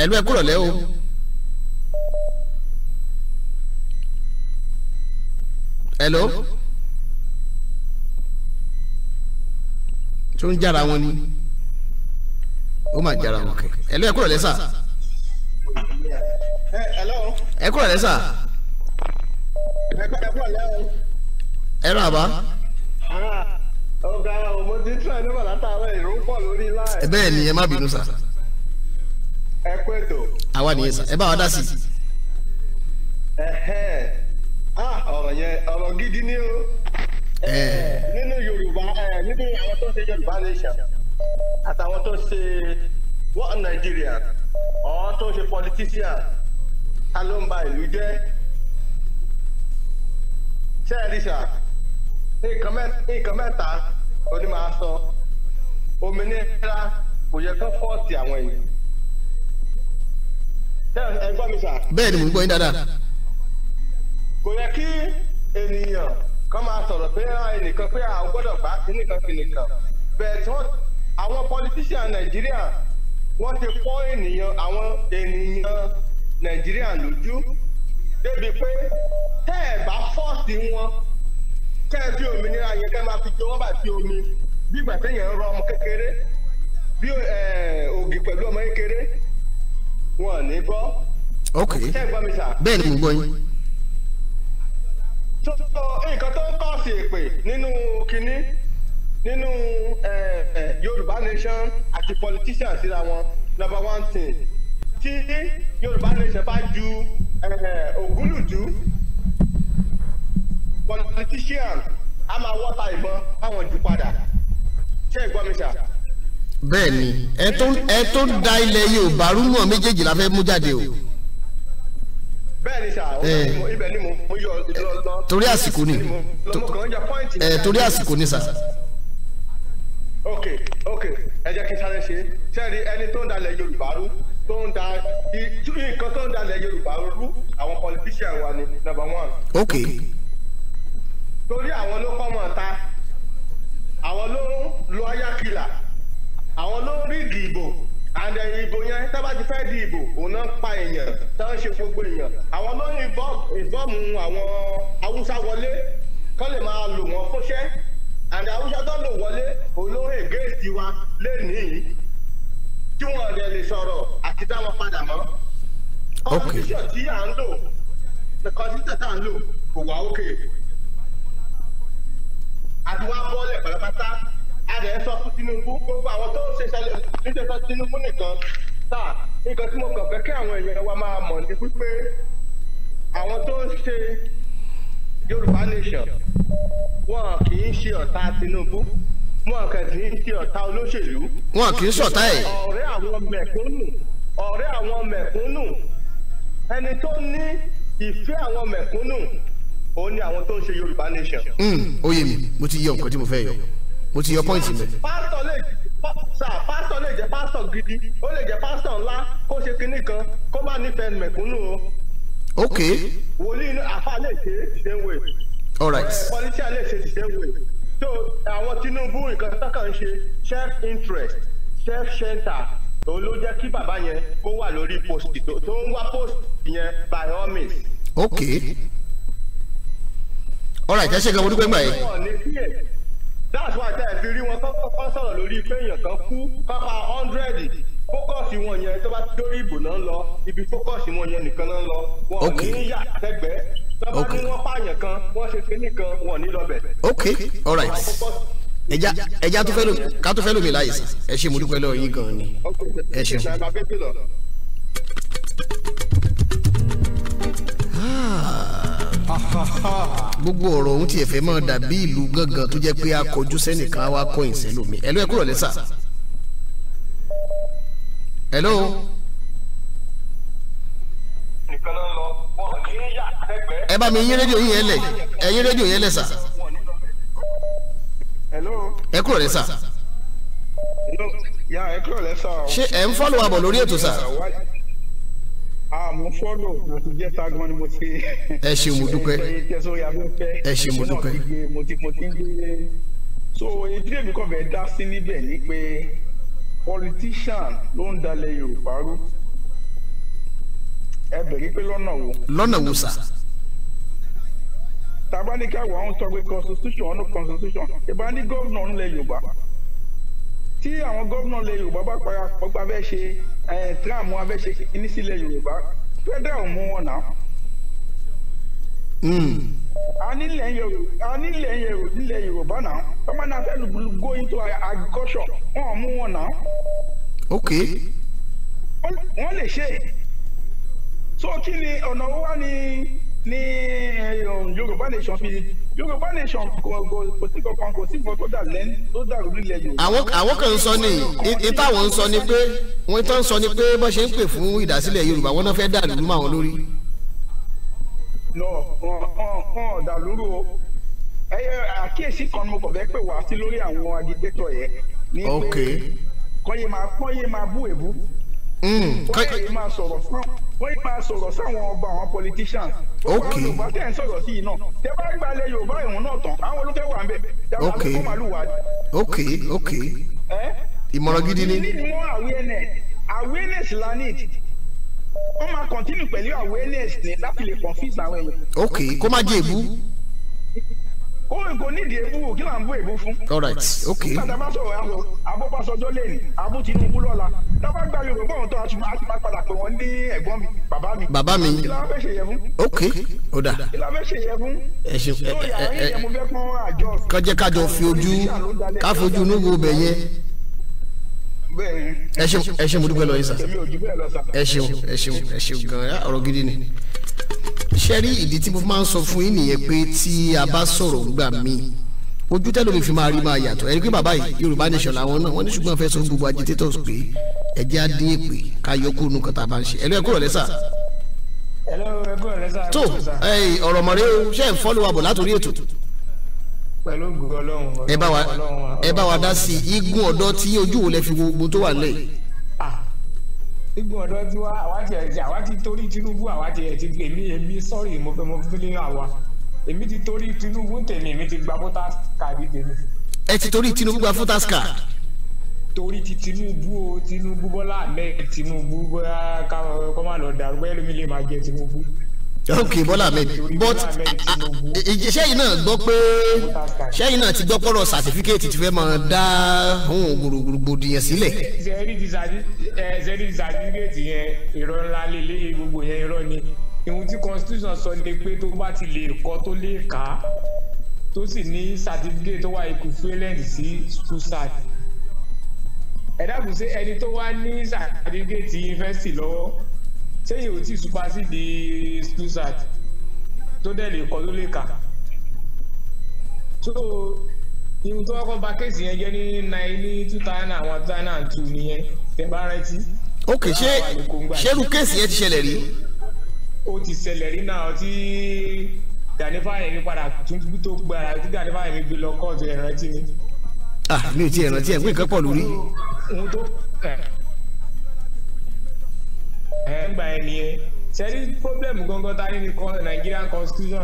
ẹnu ẹ kúrọ̀lẹ́ o. hello tó ń jára wọn ni ó mà jára wọn kẹ hello ẹ kúrọ̀lẹ́ sà. ẹ kúrọ̀lẹ́ ah, sà. ẹ rà bá. ọmọdé tí wọ́n ń bọ̀ látàárọ̀ ìrún lórí láì. bẹ́ẹ̀ ni ẹ má bínú sà. Ekweto. Àwa nìyẹn sà, ẹ bá wa dá sí. Ọ̀rọ̀ yẹn gidi ni o. Nínú Yorùbá nínú àwọn tó ń ṣe Yorùbá nation àtàwọn tó ń ṣe wọ́n Nàìjíríà ọ̀hún tó ń ṣe politician ta ìlú jẹ́. Ṣé Nǹkan mẹ́ta oní máa Òmìnira kò yẹ àwọn èèyàn. bẹ́ẹ̀ ni mò ń gbọ́ yín dáadáa. kò yẹ kí ènìyàn kan máa sọ̀rọ̀ pé ẹnìkan pé àwọn gbọ́dọ̀ gbá kínníkan kínníkan bẹ́ẹ̀ tí wọ́n àwọn politician nàìjíríà wọ́n ti kọ́ ènìyàn àwọn ènìyàn nàìjíríà lójú débi pé tẹ́ ẹ̀ bá fi òmìnira yẹn ti omi bí ìgbà téèyàn ń rọ ọmọ kékeré bí ògì pẹ̀lú ọmọ wọn ní gbọ́. ok bẹ́ẹ̀ ni mo gbọ́ yín. tó nǹkan tó ń kọ́ọ̀sì èpè nínú kínní nínú Yorùbá nation àti politician síra wọn number one thing tí Yorùbá nation bá ju Ògúnlùdú politician a máa wọ́ta ìbọn báwọn jù padà ṣé ẹ gbọ́ mi sà bẹ́ẹ̀ni ẹ tó ẹ tó da ilẹ̀ Yorùbá rúmọ̀ méjèèjì la fẹ́ mú jáde o. bẹ́ẹ̀ni sà ibẹ̀ ni mo yọ lọ. torí àsìkò ni torí àsìkò ni sà. ok ok ẹ jẹ́ kí n sáré ṣe sẹ́ẹ̀rí ẹni tó ń dalẹ̀ Yorùbá rú tó ń da nǹkan tó ń dalẹ̀ Yorùbá rú àwọn politician wa ni number one. ok. torí àwọn ló kọ́ mọ̀ ta àwọn ló ń lo ayákìlà àwọn ló ń rí ìbò yẹn tá ti fẹ́ di ìbò òun náà pa èèyàn tá ṣe gbogbo èèyàn àwọn ló ń àwọn haúsá wọlé kán lè máa lò wọ́n fúnṣẹ́ and haúsá tó lò wọlé olóhùn ègéèsì wa lénìí tí wọ́n rẹ̀ lè sọ̀rọ̀ àti táwọn padà mọ́ constitution tí à ń lò constitution tá à ń lò kò wá òkè àti wá bọ́ọ̀lẹ̀ pátápátá adẹ sọ fún Tinubu gbogbo àwọn tó ṣe ṣẹlẹ̀ níṣẹ sọ Tinubu nìkan sáà nǹkan tí mo kàn fẹ́ kí àwọn èèyàn wa máa mọ̀ ní wípé àwọn tó ń ṣe Yorùbá nation wọn kì í ṣe ọ̀tá Tinubu wọn kì í ṣe ọ̀tá olóṣèlú. wọn kì í ṣọ̀tá ẹ̀. ọ̀rẹ́ àwọn mẹ̀kúnnù ọ̀rẹ́ àwọn mẹ̀kúnnù ẹni tó ní ìfẹ́ àwọn mẹ̀kúnnù òun ni àwọn tó ń ṣe Yorùbá nation. ó hmm, yé mi mo ti yẹ nǹkan tí mo fẹ́ yọ mo ti yọ point mi. pásítọ̀ lè sà pásítọ̀ lè jẹ́ pásítọ̀ gidi ó lè jẹ́ pásítọ̀ ńlá kó ṣe kinní kan kó má nífẹ̀ẹ́ mẹ̀kúnnù o. ok. wòlíì inú àfa lè ṣe ṣe wè. alright. pọlítíà lè ṣe ṣe wè. so àwọn Tinubu nǹkan sọ́kàn ṣe self interest self center òun ló jẹ́ kí bàbá yẹn kó wà lórí post tó ń wá post yẹn by all means. ok. alright ẹ ṣe gan mo dúpẹ́ gbà yẹn that's why tẹ́ ẹ fi rí wọn kọ́kọ́ sọ̀rọ̀ lórí pé èèyàn kan kú kápá hundred fókọ̀sì wọn yẹn tó bá dórí ìbò náà lọ ibi fókọ̀sì wọn yẹn nìkan náà lọ wọn ò ní yà sẹ́gbẹ́ tọ́ba ní wọ́n pààyàn kan wọ́n ṣe kinní kan wọn ò ní lọ bẹ̀. ok all right ẹja ẹja tó fẹ́ lò ká tó fẹ́ lò mí sí ẹ ṣe mo dúpẹ́ lọ́wọ́ yín gan-an ni ẹ ṣeun. gbogbo ọ̀rọ̀ òun tiẹ̀ fẹ́ máa dàbí ìlú gángan tó jẹ́ pé a kọjú sẹ́nìkan wa kọ́ ìṣẹ́ lómi ẹ̀lú ẹ kúrò lẹ́sà. ẹ̀lọ́. ẹ bá mi yín rédíò yín yẹn lẹ̀ ẹ yín rédíò yẹn lẹ̀ sà. ẹ kúrò lẹ́sà. ṣé ẹ ń fọ́lùwàbọ̀ lórí ètò sà àmú ah, fọ́lò mo ti jẹ́ ta gan ni mo ti. ẹ ṣe mo dúpẹ́ ẹ ṣe mo dúpẹ́. mo ti mo ti ń gbé so ìdílé mi kọ́ fẹ́ẹ́ dá sí níbẹ̀ ni pé politician ló ń dalẹ̀ Yorùbá rú ẹ bẹ̀rẹ̀ pé lọ́nà wo. lọ́nà wo sà. tabaníkà wà ń sọ pé constitution ọ̀nà constitution ìbá ní gómìnà ń lẹ Yorùbá tí àwọn gómìnà ilẹ̀ yorùbá bá parapọ̀ gba fẹ́ ṣe tíráàmù abẹ́ ṣe kíní sílẹ̀ yorùbá federal mú wọn náà. Hmm. a nílẹ̀ nílẹ̀ yorùbá náà ọmọ náà fẹ́ go into agriculture wọn mú wọn náà. ok. wọ́n lè ṣe so kí ni ọ̀nà wo wá ni ní eh, um, yorùbá nation fi yorùbá nation kò sí kankan kò sí nǹkan tó dà lẹ́n tó dà lórílẹ̀ yorùbá. àwọn kan ń sọ ní ìtàwọn ń sọ ni pé wọn tó ń sọ ni pé bó ṣe ń pè fún ìdásílẹ̀ yorùbá wọn náà fẹ́ dà lùrú mọ́ àwọn lórí. lọ hàn dà lóru o ẹyẹ àkíyèsí kan mo kọ̀ fẹ́ pè wá sí lórí àwọn agidẹ́tọ̀ yẹn ní pé kọ́yé máa bú èbú hmm, kọ́yé máa sọ̀rọ̀ fún wọ́n yìí máa sọ̀rọ̀ sáwọn ọba àwọn politicians. ok yorùbá tẹ̀ ń sọ̀rọ̀ sí iná tẹ bá gbalẹ̀ yorùbá ìhun náà tán àwọn olùfẹ́ wà ń bẹ̀ ok ok ok ìmọ̀ràn gidi ni. we need more awareness awareness la need wọ́n máa continue pẹ̀lú awareness ní láti lè confuse àwọn èèyàn. ok kó má jẹ́ èbú ó nǹkan nídìí ebú wò kí là ń bú ebú fún. all right okay. nígbà tá a bá sọ̀rọ̀ àbò abópasọjọ́ lẹ́nu abó Tinubu gba Yorùbá ọ̀hún tó a ti máa pé wọ́n ní ẹ̀gbọ́n mi bàbá mi. bàbá mi kí la ṣe yẹ fún. ok ó dà. kí la ṣe yẹ fún. ẹ ṣe ẹ ẹ ẹ kọjá kájọ fi ojú káfojú inú wo bẹ̀ yẹn ẹ ṣeun ẹ ṣeun mo dúpẹ́ lọ yín sà ẹ ṣeun ẹ ṣeun ẹ ṣeun gan ọ̀rọ̀ gidi ni ṣe rí ìdí tí mo fi máa ń sọ fún yín nìyẹn pé tí a bá sọ̀rọ̀ gbà mí ojú tẹ́lómi fi máa rí máa yàtọ̀ ẹ̀rí pé bàbá yìí Yorùbá nation làwọn náà wọ́n ní ṣùgbọ́n fẹ́ sọ fún gbogbo agitators pé ẹ̀jẹ̀ á dín èpè ká yọkú nu kọ́ta bá ń ṣe ẹ̀lú ẹ̀kúrọ̀ lẹ́sà. tó ọ̀rọ̀ mọ̀rẹ́ o ṣe ń fọ́lù bọ̀ látòrí ètò. pẹ̀lú gbogbo Ọlọ́run ẹ bá wa dá sí igun ọ̀dọ́ tí ojú wo lẹ fi wo gbogbo tó wà lẹ́yìn igun ọ̀dọ́ tí wá àwa ti ẹ̀ ti ti torí Tinubu àwa ti ẹ̀ ti èmi èmi sọ́ọ̀rì mo fẹ́ mo fi lé àwa èmi ti torí Tinubu tèmi èmi ti gba voters card tèmi. ẹ ti torí Tinubu gba voters card. torí ti Tinubu o Tinubu Bọ́lá Ahmed Tinubu bóyá kọ́ máa lọ dàrú bóyá lómi lè máa jẹ Tinubu ok Bọ́lá Ahmed but sẹ́yìn náà gbọ́ pé sẹ́yìn náà ti gbọ́ pọ́rọ̀ sàtífíkẹ́ẹ̀tì ti fẹ́ máa dá ohun gbòdìyàn sílẹ̀. zeri ti sàtífíkẹ́ẹ̀tì yẹn irọ́ ńlá lélẹ́yìn gbogbo yẹn irọ́ ni ìhun tí constitution sọ ni pé tó bá ti lè kọ́ tó lè kà á tó sì ní certificate tó wà equivalent sí susat ẹ̀dá kù sí ẹni tó wá ní certificate yunifásitì lọ́wọ́ sẹ́yìn ò tí supasídì slusat tó dẹ̀ lè kọ́ ló lè kà so ihun tó kọ́kọ́ ba kéèsì yẹn jẹ́ ní nine ní two thousand and one two thousand and two nìyẹn tẹ́ bá rántí. ok ṣé ṣerú kéèsì yẹn ti ṣẹlẹ̀ rí. ó ti ṣẹlẹ̀ rí náà tí Gani Fáyẹ̀mí padà tuntun tó gbára tí Gani Fáyẹ̀mí gbé lọ kóòtù ẹ̀rántí ni. ah mi ò tiẹ̀ rántí ẹ̀ pé nǹkan pọ̀ lórí ẹ̀ ń nìyẹn sẹ́rí pọ́blẹ́mù gangan ta ní ní Nigerian constitution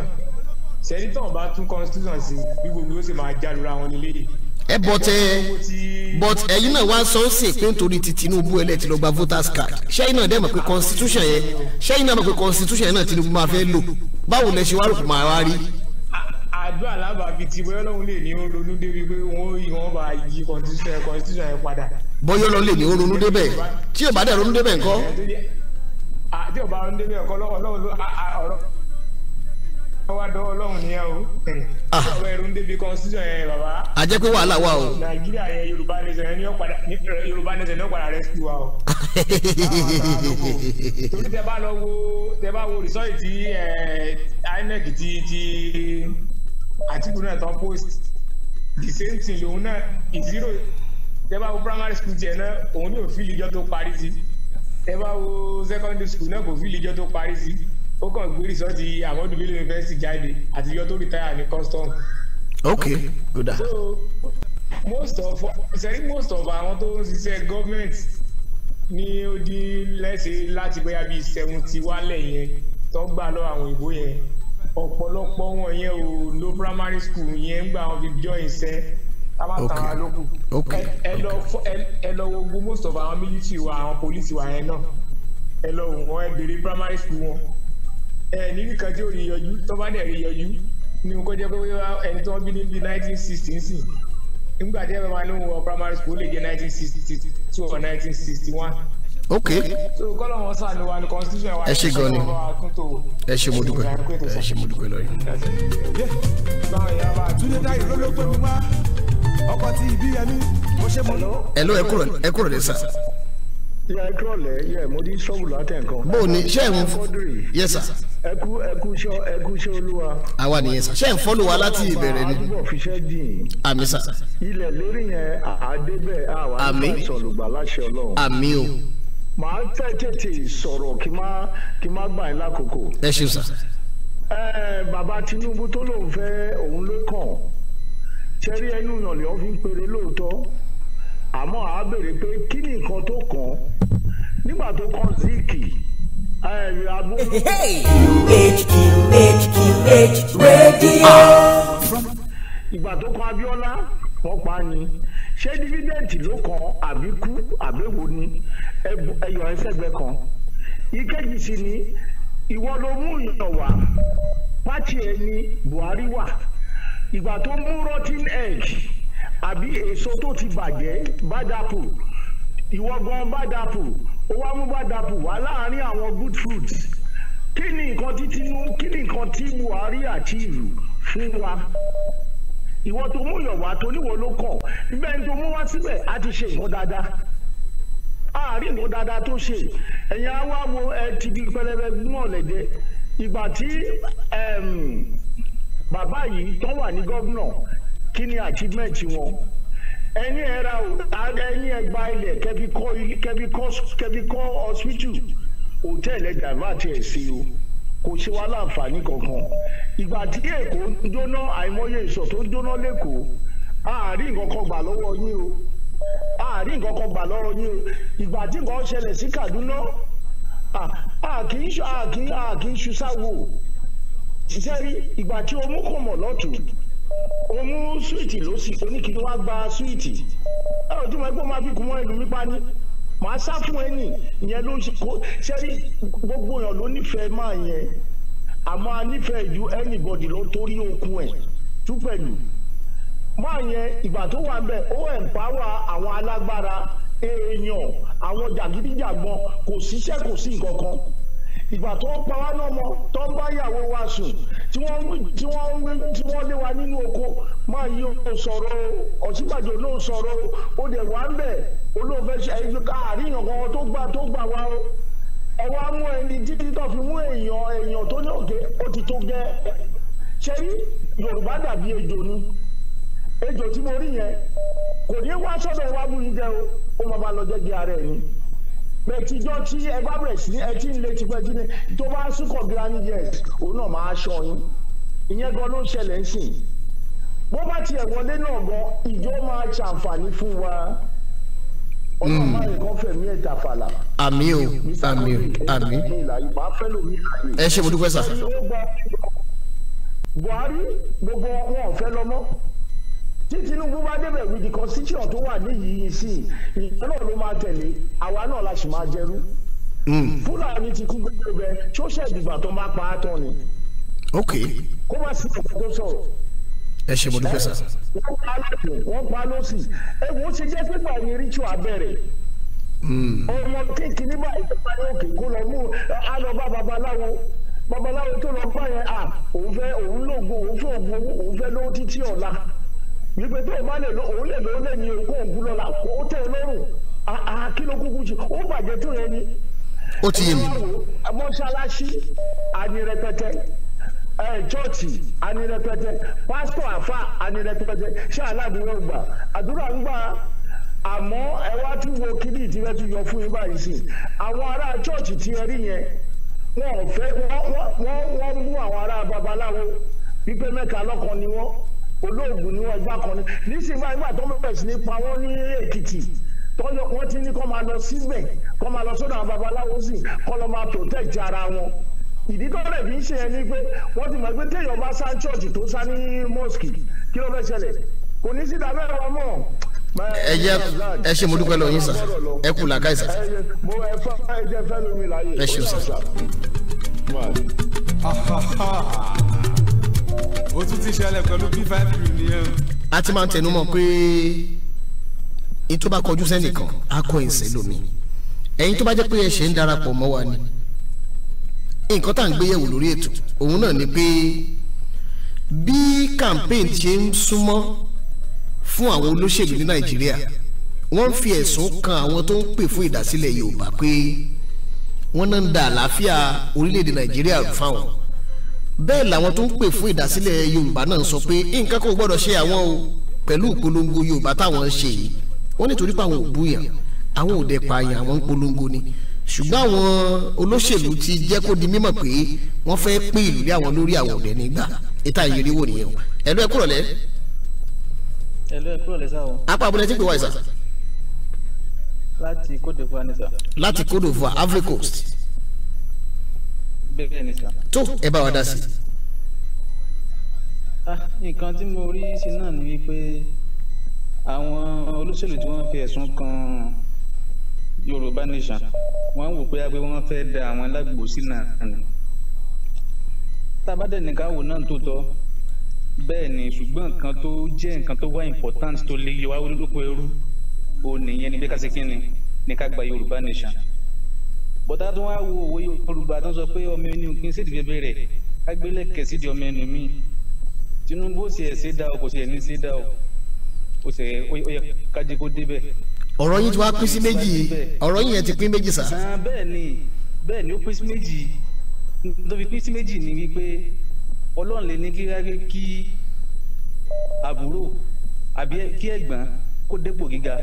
sẹ́rí tán bá tún constitution sí bí gbogbo ó sì máa jálura wọn nílé yìí. ẹ bọ tẹ but ẹ̀yin náà wá sọ ó sì pé nítorí ti Tinubu ẹlẹ ti lọ gba voters card ṣẹ̀yin náà dẹ̀ mọ̀ pé constitution yẹn ṣẹ̀yin náà mọ̀ pé constitution yẹn náà Tinubu máa fẹ́ lò báwo lẹ ṣe wá rò pé máa wá rí àdúrà lábàbí ti bóyá lọ́hún lè ní ronú débi pé wọ́n ìwọ́n bá yí constitution yẹn padà. bóyá lọ́hún lè ní ronú débẹ̀ tí ò bá dẹ̀ ronú débẹ̀ ńkọ́ àti ọba ọ̀hún débẹ̀ ọ̀kọ́ lọ́wọ́ lọ́wọ́ ló ọ̀rọ̀ wá dọ́wọ́ lọ́hùn nìyẹn o. Ah. ọ̀rọ̀ ẹ̀rù ń débi constitution yẹn bàbá. a jẹ́ pé wàhálà wà o. nàìjíríà yẹn yorùbá nation yẹn ní ọ̀padà yorùbá nation ní ọ̀padà rẹ̀ sí wa o. torí tẹ bá lọ wo tẹ bá wo rìsọ́ọ̀tì tí inec ti ti àtìkù náà tán post the same thing lòun náà zero tẹ bá wo primary school tiẹ̀ náà òun ní òfin ìjọ tó parí sí tẹ bá wo secondary school náà kò fi ìlíjọ tó parí sí ó kàn gbé rìsọ́ọ̀tì àmọ́dù bello university jáde àti ìjọ tó retire ní custom. ok good so most of sẹ́rí most of àwọn tó ń ṣiṣẹ́ government ní ó dín lẹ́sẹ̀ láti bóyá bíi seventy wálẹ̀ yẹn tó ń gbà lọ àwọn òyìnbó yẹn ọ̀pọ̀lọpọ̀ wọn yẹn o no primary school yẹn ń gbà wọn fi join iṣẹ́ ok ẹ lọ wo gbogbo most of àwọn military wa àwọn police wa yẹn náà ẹ lọ wò wọn ẹ béèrè primary school wọn ẹ ní nǹkan tí ò rí yọjú tó bá dẹ̀ rí yọjú ní kó jẹ́ pé ẹni tó ń bí níbi nineteen sixty sí nígbà tí ẹ bá máa ní wọn primary school lè jẹ́ nineteen sixty two or nineteen sixty one ok ẹ ṣe gan ni ẹ ṣe mo dúpẹ́ ẹ ṣe mo dúpẹ́ lọ́yìn. báwo ni a bá a túnde wá ọkọ tí ibi yẹn ní mo ṣe mọ. ẹ ló ẹ kúrò lẹ sà. yẹ ẹ kúrò lẹ yẹ mo ní sọ́ọ̀bù látẹ̀ nǹkan. bó o ní ṣé ẹ ń yẹ sà. ẹ kú ẹ kú ṣọ ẹ kú ṣe olúwa. àwa nìyẹn sà ṣé ẹ ń fọ́lù wa láti ìbẹ̀rẹ̀ ni. àdúgbò fiṣẹ́ jìn. àmì sà. ilẹ̀ lérí yẹn àdébẹ̀ àwa ní sọ̀lùgbà láṣẹ ọlọ́run. àmì o. màá tẹ́ tètè sọ̀rọ̀ kí má kí má gbà yín lákòókò. ẹ ṣe sà. ẹ bàbá Tinubu tó lóun fẹ́ òun ló kàn ṣẹ́rí ẹnu ìyànlẹ̀ ọ́ fi ń pèrè lóòótọ́ àmọ́ àá béèrè pé kí ni nǹkan tó kàn nígbà tó kàn ziki ìgbà tó kàn Abíọ́lá wọ́n pa ni ṣé dífídẹ́ǹtì ló kàn àbíkú àbẹ̀wò ni ẹyọ ẹsẹ̀gbẹ́ kan ìkejì sì ni ìwọ ló mú ìyàn wá pátì ẹni Buhari wà ìgbà tó mú rotten egg àbí èso tó ti bàjẹ́ bad apple ìwọ gan bad apple ó wá mú bad apple wá láàárín àwọn good fruits kí ni nǹkan tí Tinubu kí ni nǹkan tí Buhari achieve fún wa ìwọ tó mú yọ̀ wá tó níwọ̀ ló kọ̀ nígbà yẹn tó mú wá síbẹ̀ á ti ṣe nǹkan dáadáa àárín nǹkan dáadáa tó ṣe ẹ̀yin á wá wo ẹ ti di pẹlẹbẹ gbọ́n ọ̀lẹ́dẹ ìgbà tí bàbá yìí tán wà ní gọ́vnà kí ni achievement wọn ẹni ẹ ra ẹni ẹ gba ilẹ̀ kẹbi kọ́ kẹbi kọ́ kẹbi kọ́ hospital hòtẹ́ẹ̀lì ẹ̀dá bá tiẹ̀ sí o kò ṣe wá láǹfààní kankan ìgbà tí èkó ń jóná àìmọye ìsọ̀ tó ń jóná lẹ́kọ̀ọ́ àárín nǹkan kan gbà lọ́wọ́ yín o àárín nǹkan kan gbà lọ́rọ̀ yín o ìgbà tí nǹkan ṣẹlẹ̀ sí Kaduna àkínṣu àkínṣu sáwò sẹ́rí ìgbà tí o mú kọ̀mọ̀ lọ́tù o mú súwìtì ló sì oníkìlú wá gba súwìtì ẹ ò tí mo ẹgbẹ́ máa fi kún mọ́ ẹlú nípa ni màá sá fún ẹnì ìyẹn ló ń ṣe kó sẹ́rí gbogbo èèyàn ló nífẹ̀ẹ́ máa yẹn àmọ́ a nífẹ̀ẹ́ ju anybody lọ torí okun ẹ̀ túpẹ̀lú máa yẹn ìgbà tó wà bẹ́ẹ̀ ó empower àwọn alágbára èèyàn àwọn jàgídíjàgbọ́n kò síṣẹ́ kò sí nǹkan kan ìgbà tó ń pa wá náà mọ tó ń bá ìyàwó wa sùn tí wọ́n lé wa nínú oko máa yí o sọ̀rọ̀ Ọ̀ṣínbàjò ló sọ̀rọ̀ o dẹ̀ wá ń bẹ̀ olóòfẹ́ ṣe ẹ̀yìn àríyàn kan tó gbà tó gbà wá o ẹ wá mú ẹni títí tó fi mú èèyàn èèyàn tó ní òkè ó ti tó gẹ́ ṣe rí Yorùbá dàbí ejò ni ejò tí mo rí yẹn kò ní wá sọ́dọ̀ wá bú jẹ o ó máa bá lọ jẹ́ di ara ẹ̀ ni bẹ̀tìjọ́ tí ẹ bá bẹ̀rẹ̀ sí ẹ tí ń lé tipẹ́tí ni tó bá súnkọ̀ granny yet òun náà máa ṣọ yín ìyẹn gan ló ń ṣẹlẹ̀ ń sìn bó bá tiẹ̀ wọlé náà gan ìjọ máa ṣàǹfààní fún wa ọlọ́run hmm. máa nìkan fẹ̀mí ẹ̀ tàfàlà. àmì o àmì o àmì. ẹ ṣe mo dúpẹ́ sà. Buhari gbogbo wọn ò fẹ́ lọ mọ́ tí Tinubu bá débẹ̀ with the constitution tó wà níyìí sí ìyẹn náà ló máa tẹ̀lé àwa náà la sì máa jẹrú hmm. Fúlàní ti kú gbogbo bẹ tí ó ṣèdìgbà tó máa pa á tán ni. ok kó má sí ọ̀pọ̀ tó sọ̀rọ̀. ẹ ṣe mo dúpẹ́ sá. wọ́n pa lọ́sùn wọ́n pa lọ́sùn ewu ó ṣe jẹ́ pípa ní ritual abẹ́rẹ́ hmm. ọmọ kékeré báyìí tó parí òkè kó lọ mú àlọ́ bá babaláwo babaláwo tó lọ bá yẹn à òun fẹ́ òun lóògùn òun fẹ́ òun fẹ́ lówó títí ọ̀la wípé tó o bá lè lo òun lè lo ó lè ní lọ́la kó o tẹ̀ lọ́rùn kí ló kúkú ṣe ó bàjẹ́ tó yẹn ni. ó ti yé mi. mọ́ṣáláṣí anirẹpẹtẹ chọ́ọ̀chì anirẹpẹtẹ pásítọ̀ àfà anirẹpẹtẹ ṣé aládùúgbò gbà àdúrà ń gbà àmọ́ ẹ wá tún wo kíní ìtìrẹ́ tún yọ fún yín báyìí sí àwọn ará chọ́ọ̀chì tí rí yẹn wọn ò fẹ́ wọ́n mú àwọn ará babaláwo wípé mẹ́ka lọ́kàn ni wọ́n olóògùn ni wọ́n ẹgbà kan ní nísìnyí báyìí nígbà tó ń bẹ̀rẹ̀ sí ní pa wọ́n ní Èkìtì tọ́jọ́ wọ́n ti ní kọ́ máa lọ síbẹ̀ kọ́ máa lọ sọ́dọ̀ àwọn babaláwo sì kọ́ lọ máa protect ara wọn ìdí tó rẹ̀ fi ń ṣe ẹ ní pé wọ́n ti mọ̀ pé téèyàn bá sá ṣọ́ọ̀ṣì tó sá ní mosque kí ló fẹ́ ṣẹlẹ̀ kò ní síta bẹ́ẹ̀ wọ́n mọ̀. ẹ jẹ ẹ ṣe mo dúpẹ́ lọ yín sà ẹ kù làkà ìsà. ẹ ṣe o sà ó tún ti ṣẹlẹ̀ pẹ̀lú p5 nìyẹn. a ti máa ń tẹnu mọ́ pé ìtúbà kọjú sẹ́nìkan á kọ ẹ̀sẹ̀ lómi ẹ̀yin tó bá jẹ́ pé ẹ ṣe ń darapọ̀ mọ́ wa ni nǹkan tá à ń gbé yẹ̀wò lórí ètò òun náà ni pé bí campaign ṣe ń súnmọ́ fún àwọn olóṣèlú ní nàìjíríà wọ́n ń fi ẹ̀sùn kan àwọn tó ń pè fún ìdásílẹ̀ yorùbá pé wọ́n náà ń da àlàáfíà orílẹ̀-èdè nàìjíríà fáwọn bẹ́ẹ̀ làwọn tó ń pè fún ìdásílẹ̀ yorùbá náà sọ pé nǹkan kò gbọ́dọ̀ ṣe àwọn o pẹ̀lú ìpolongo yorùbá táwọn ń ṣe yìí wọ́n nítorí pé àwọn ò búyàn àwọn ò dẹ̀ pààyàn àwọn ń polongo ni ṣùgbọ́n àwọn olóṣèlú ti jẹ́ kó di mímọ̀ pé wọ́n fẹ́ pín ìlú lé àwọn lórí àwọn ọ̀dẹ́ nígbà ìta ìrírí wò nìyẹn o ẹ̀lú ẹ̀ kúrọ̀lẹ́. ẹ̀lú ẹ̀ kúrọ̀lẹ́ sáà o. apá abúlé tí ń pè wá ìsà. láti Côte d'Ivoire ní sà. láti Côte Coast bẹ́ẹ̀ ni sà. tó ẹ bá wa dá sí. Ah, nǹkan tí mo rí sí náà ni wípé àwọn olóṣèlú tí wọ́n fi ẹ̀sùn kan Yorùbá Nation wọ́n wò pé pé wọ́n fẹ́ da àwọn alágbò sí náà nù. tábàdẹ̀ nìkan wò náà tó tọ́ bẹ́ẹ̀ ni ṣùgbọ́n nǹkan tó jẹ́ nǹkan tó wá important tó lè yọ wá lóko ẹrú òun nìyẹn ni bí ká ṣe kí ni ní gba Yorùbá Nation bọ́tà tó wá wo òwe Yorùbá tó sọ pé ọmọ ẹni òkín sí ìdìbò rẹ̀ kágbélẹ̀kẹ̀ sí di ọmọ ẹni mi Tinubu ó sì ẹ̀ sí dá o kò sì ẹ̀ ní sí dá o ó sì ẹ̀ ó yẹ kájí kó débẹ̀. ọ̀rọ̀ yín ti wá pín sí méjì ọ̀rọ̀ yín yẹn ti pín méjì sá. bẹ́ẹ̀ ni bẹ́ẹ̀ ni ó pín sí méjì tó fi pín sí méjì ni wípé Ọlọ́run lè ní kí àbúrò àbí kí ẹ̀gbọ́n kó dépò gíga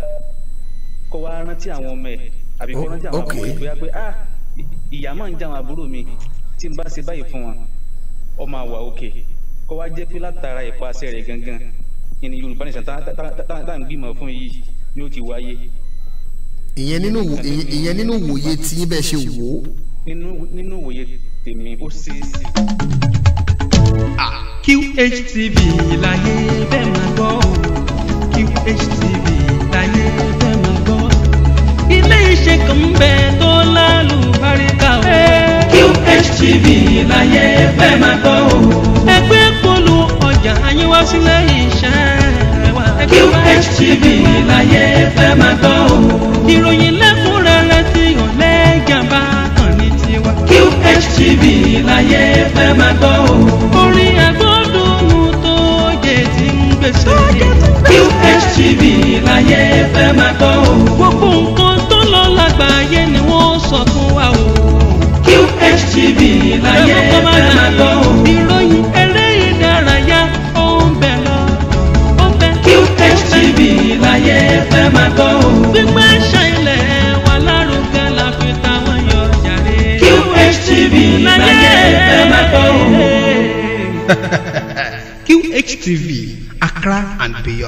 kó wá rántí àwọn ọmọ ẹ̀ àbí kí wọ́n jà wọn àbúrò ìgbéyà pé ah ìyá máa ń jà wọn àbúrò mi tí n bá ṣe báyìí fún wọn ọ máa wà òkè kó wá jẹ́ pé látara ìpàṣẹ rẹ̀ gangan ìní Yorùbá nìṣẹ́ tá à gbìmọ̀ fún yìí ni ó ti wáyé. ìyẹn nínú wòye tí yín bẹ́ẹ̀ ṣe wò ó. nínú wòye tèmi ó ṣeé ṣe. Ah, QHTV láyé bẹ́ẹ̀ máa gbọ́ QHTV ilé iṣẹ́ kan bẹ tó lálùbáríkà o. QHTV láyé fẹ́ máa gbọ́ o. ẹgbẹ́ polu ọjà ayé wá iṣẹ́ wa. QHTV láyé fẹ́ máa gbọ́ o. ìròyìn lẹ́kùnrẹ́rẹ́ tí ọ̀lẹ́ jàmbá kan ní tiwa. QHTV láyé fẹ́ máa gbọ́ o. orin agbódùn tó yẹ ti ń gbèsè. QHTV láyé fẹ́ máa gbọ́ o. gbogbo nǹkan lágbàáyé ni wọ́n sọ fún wa o. QHTV láyé ẹ máa gbọ́ o. ìròyìn eré ìdárayá ó ń bẹ̀ lọ. QHTV láyé ẹ máa gbọ́ o. gbígbẹ́ ṣẹlẹ̀ wà lárugẹ la táwọn yọ jàre. QHTV láyé ẹ máa gbọ́ QHTV Akra and beyond.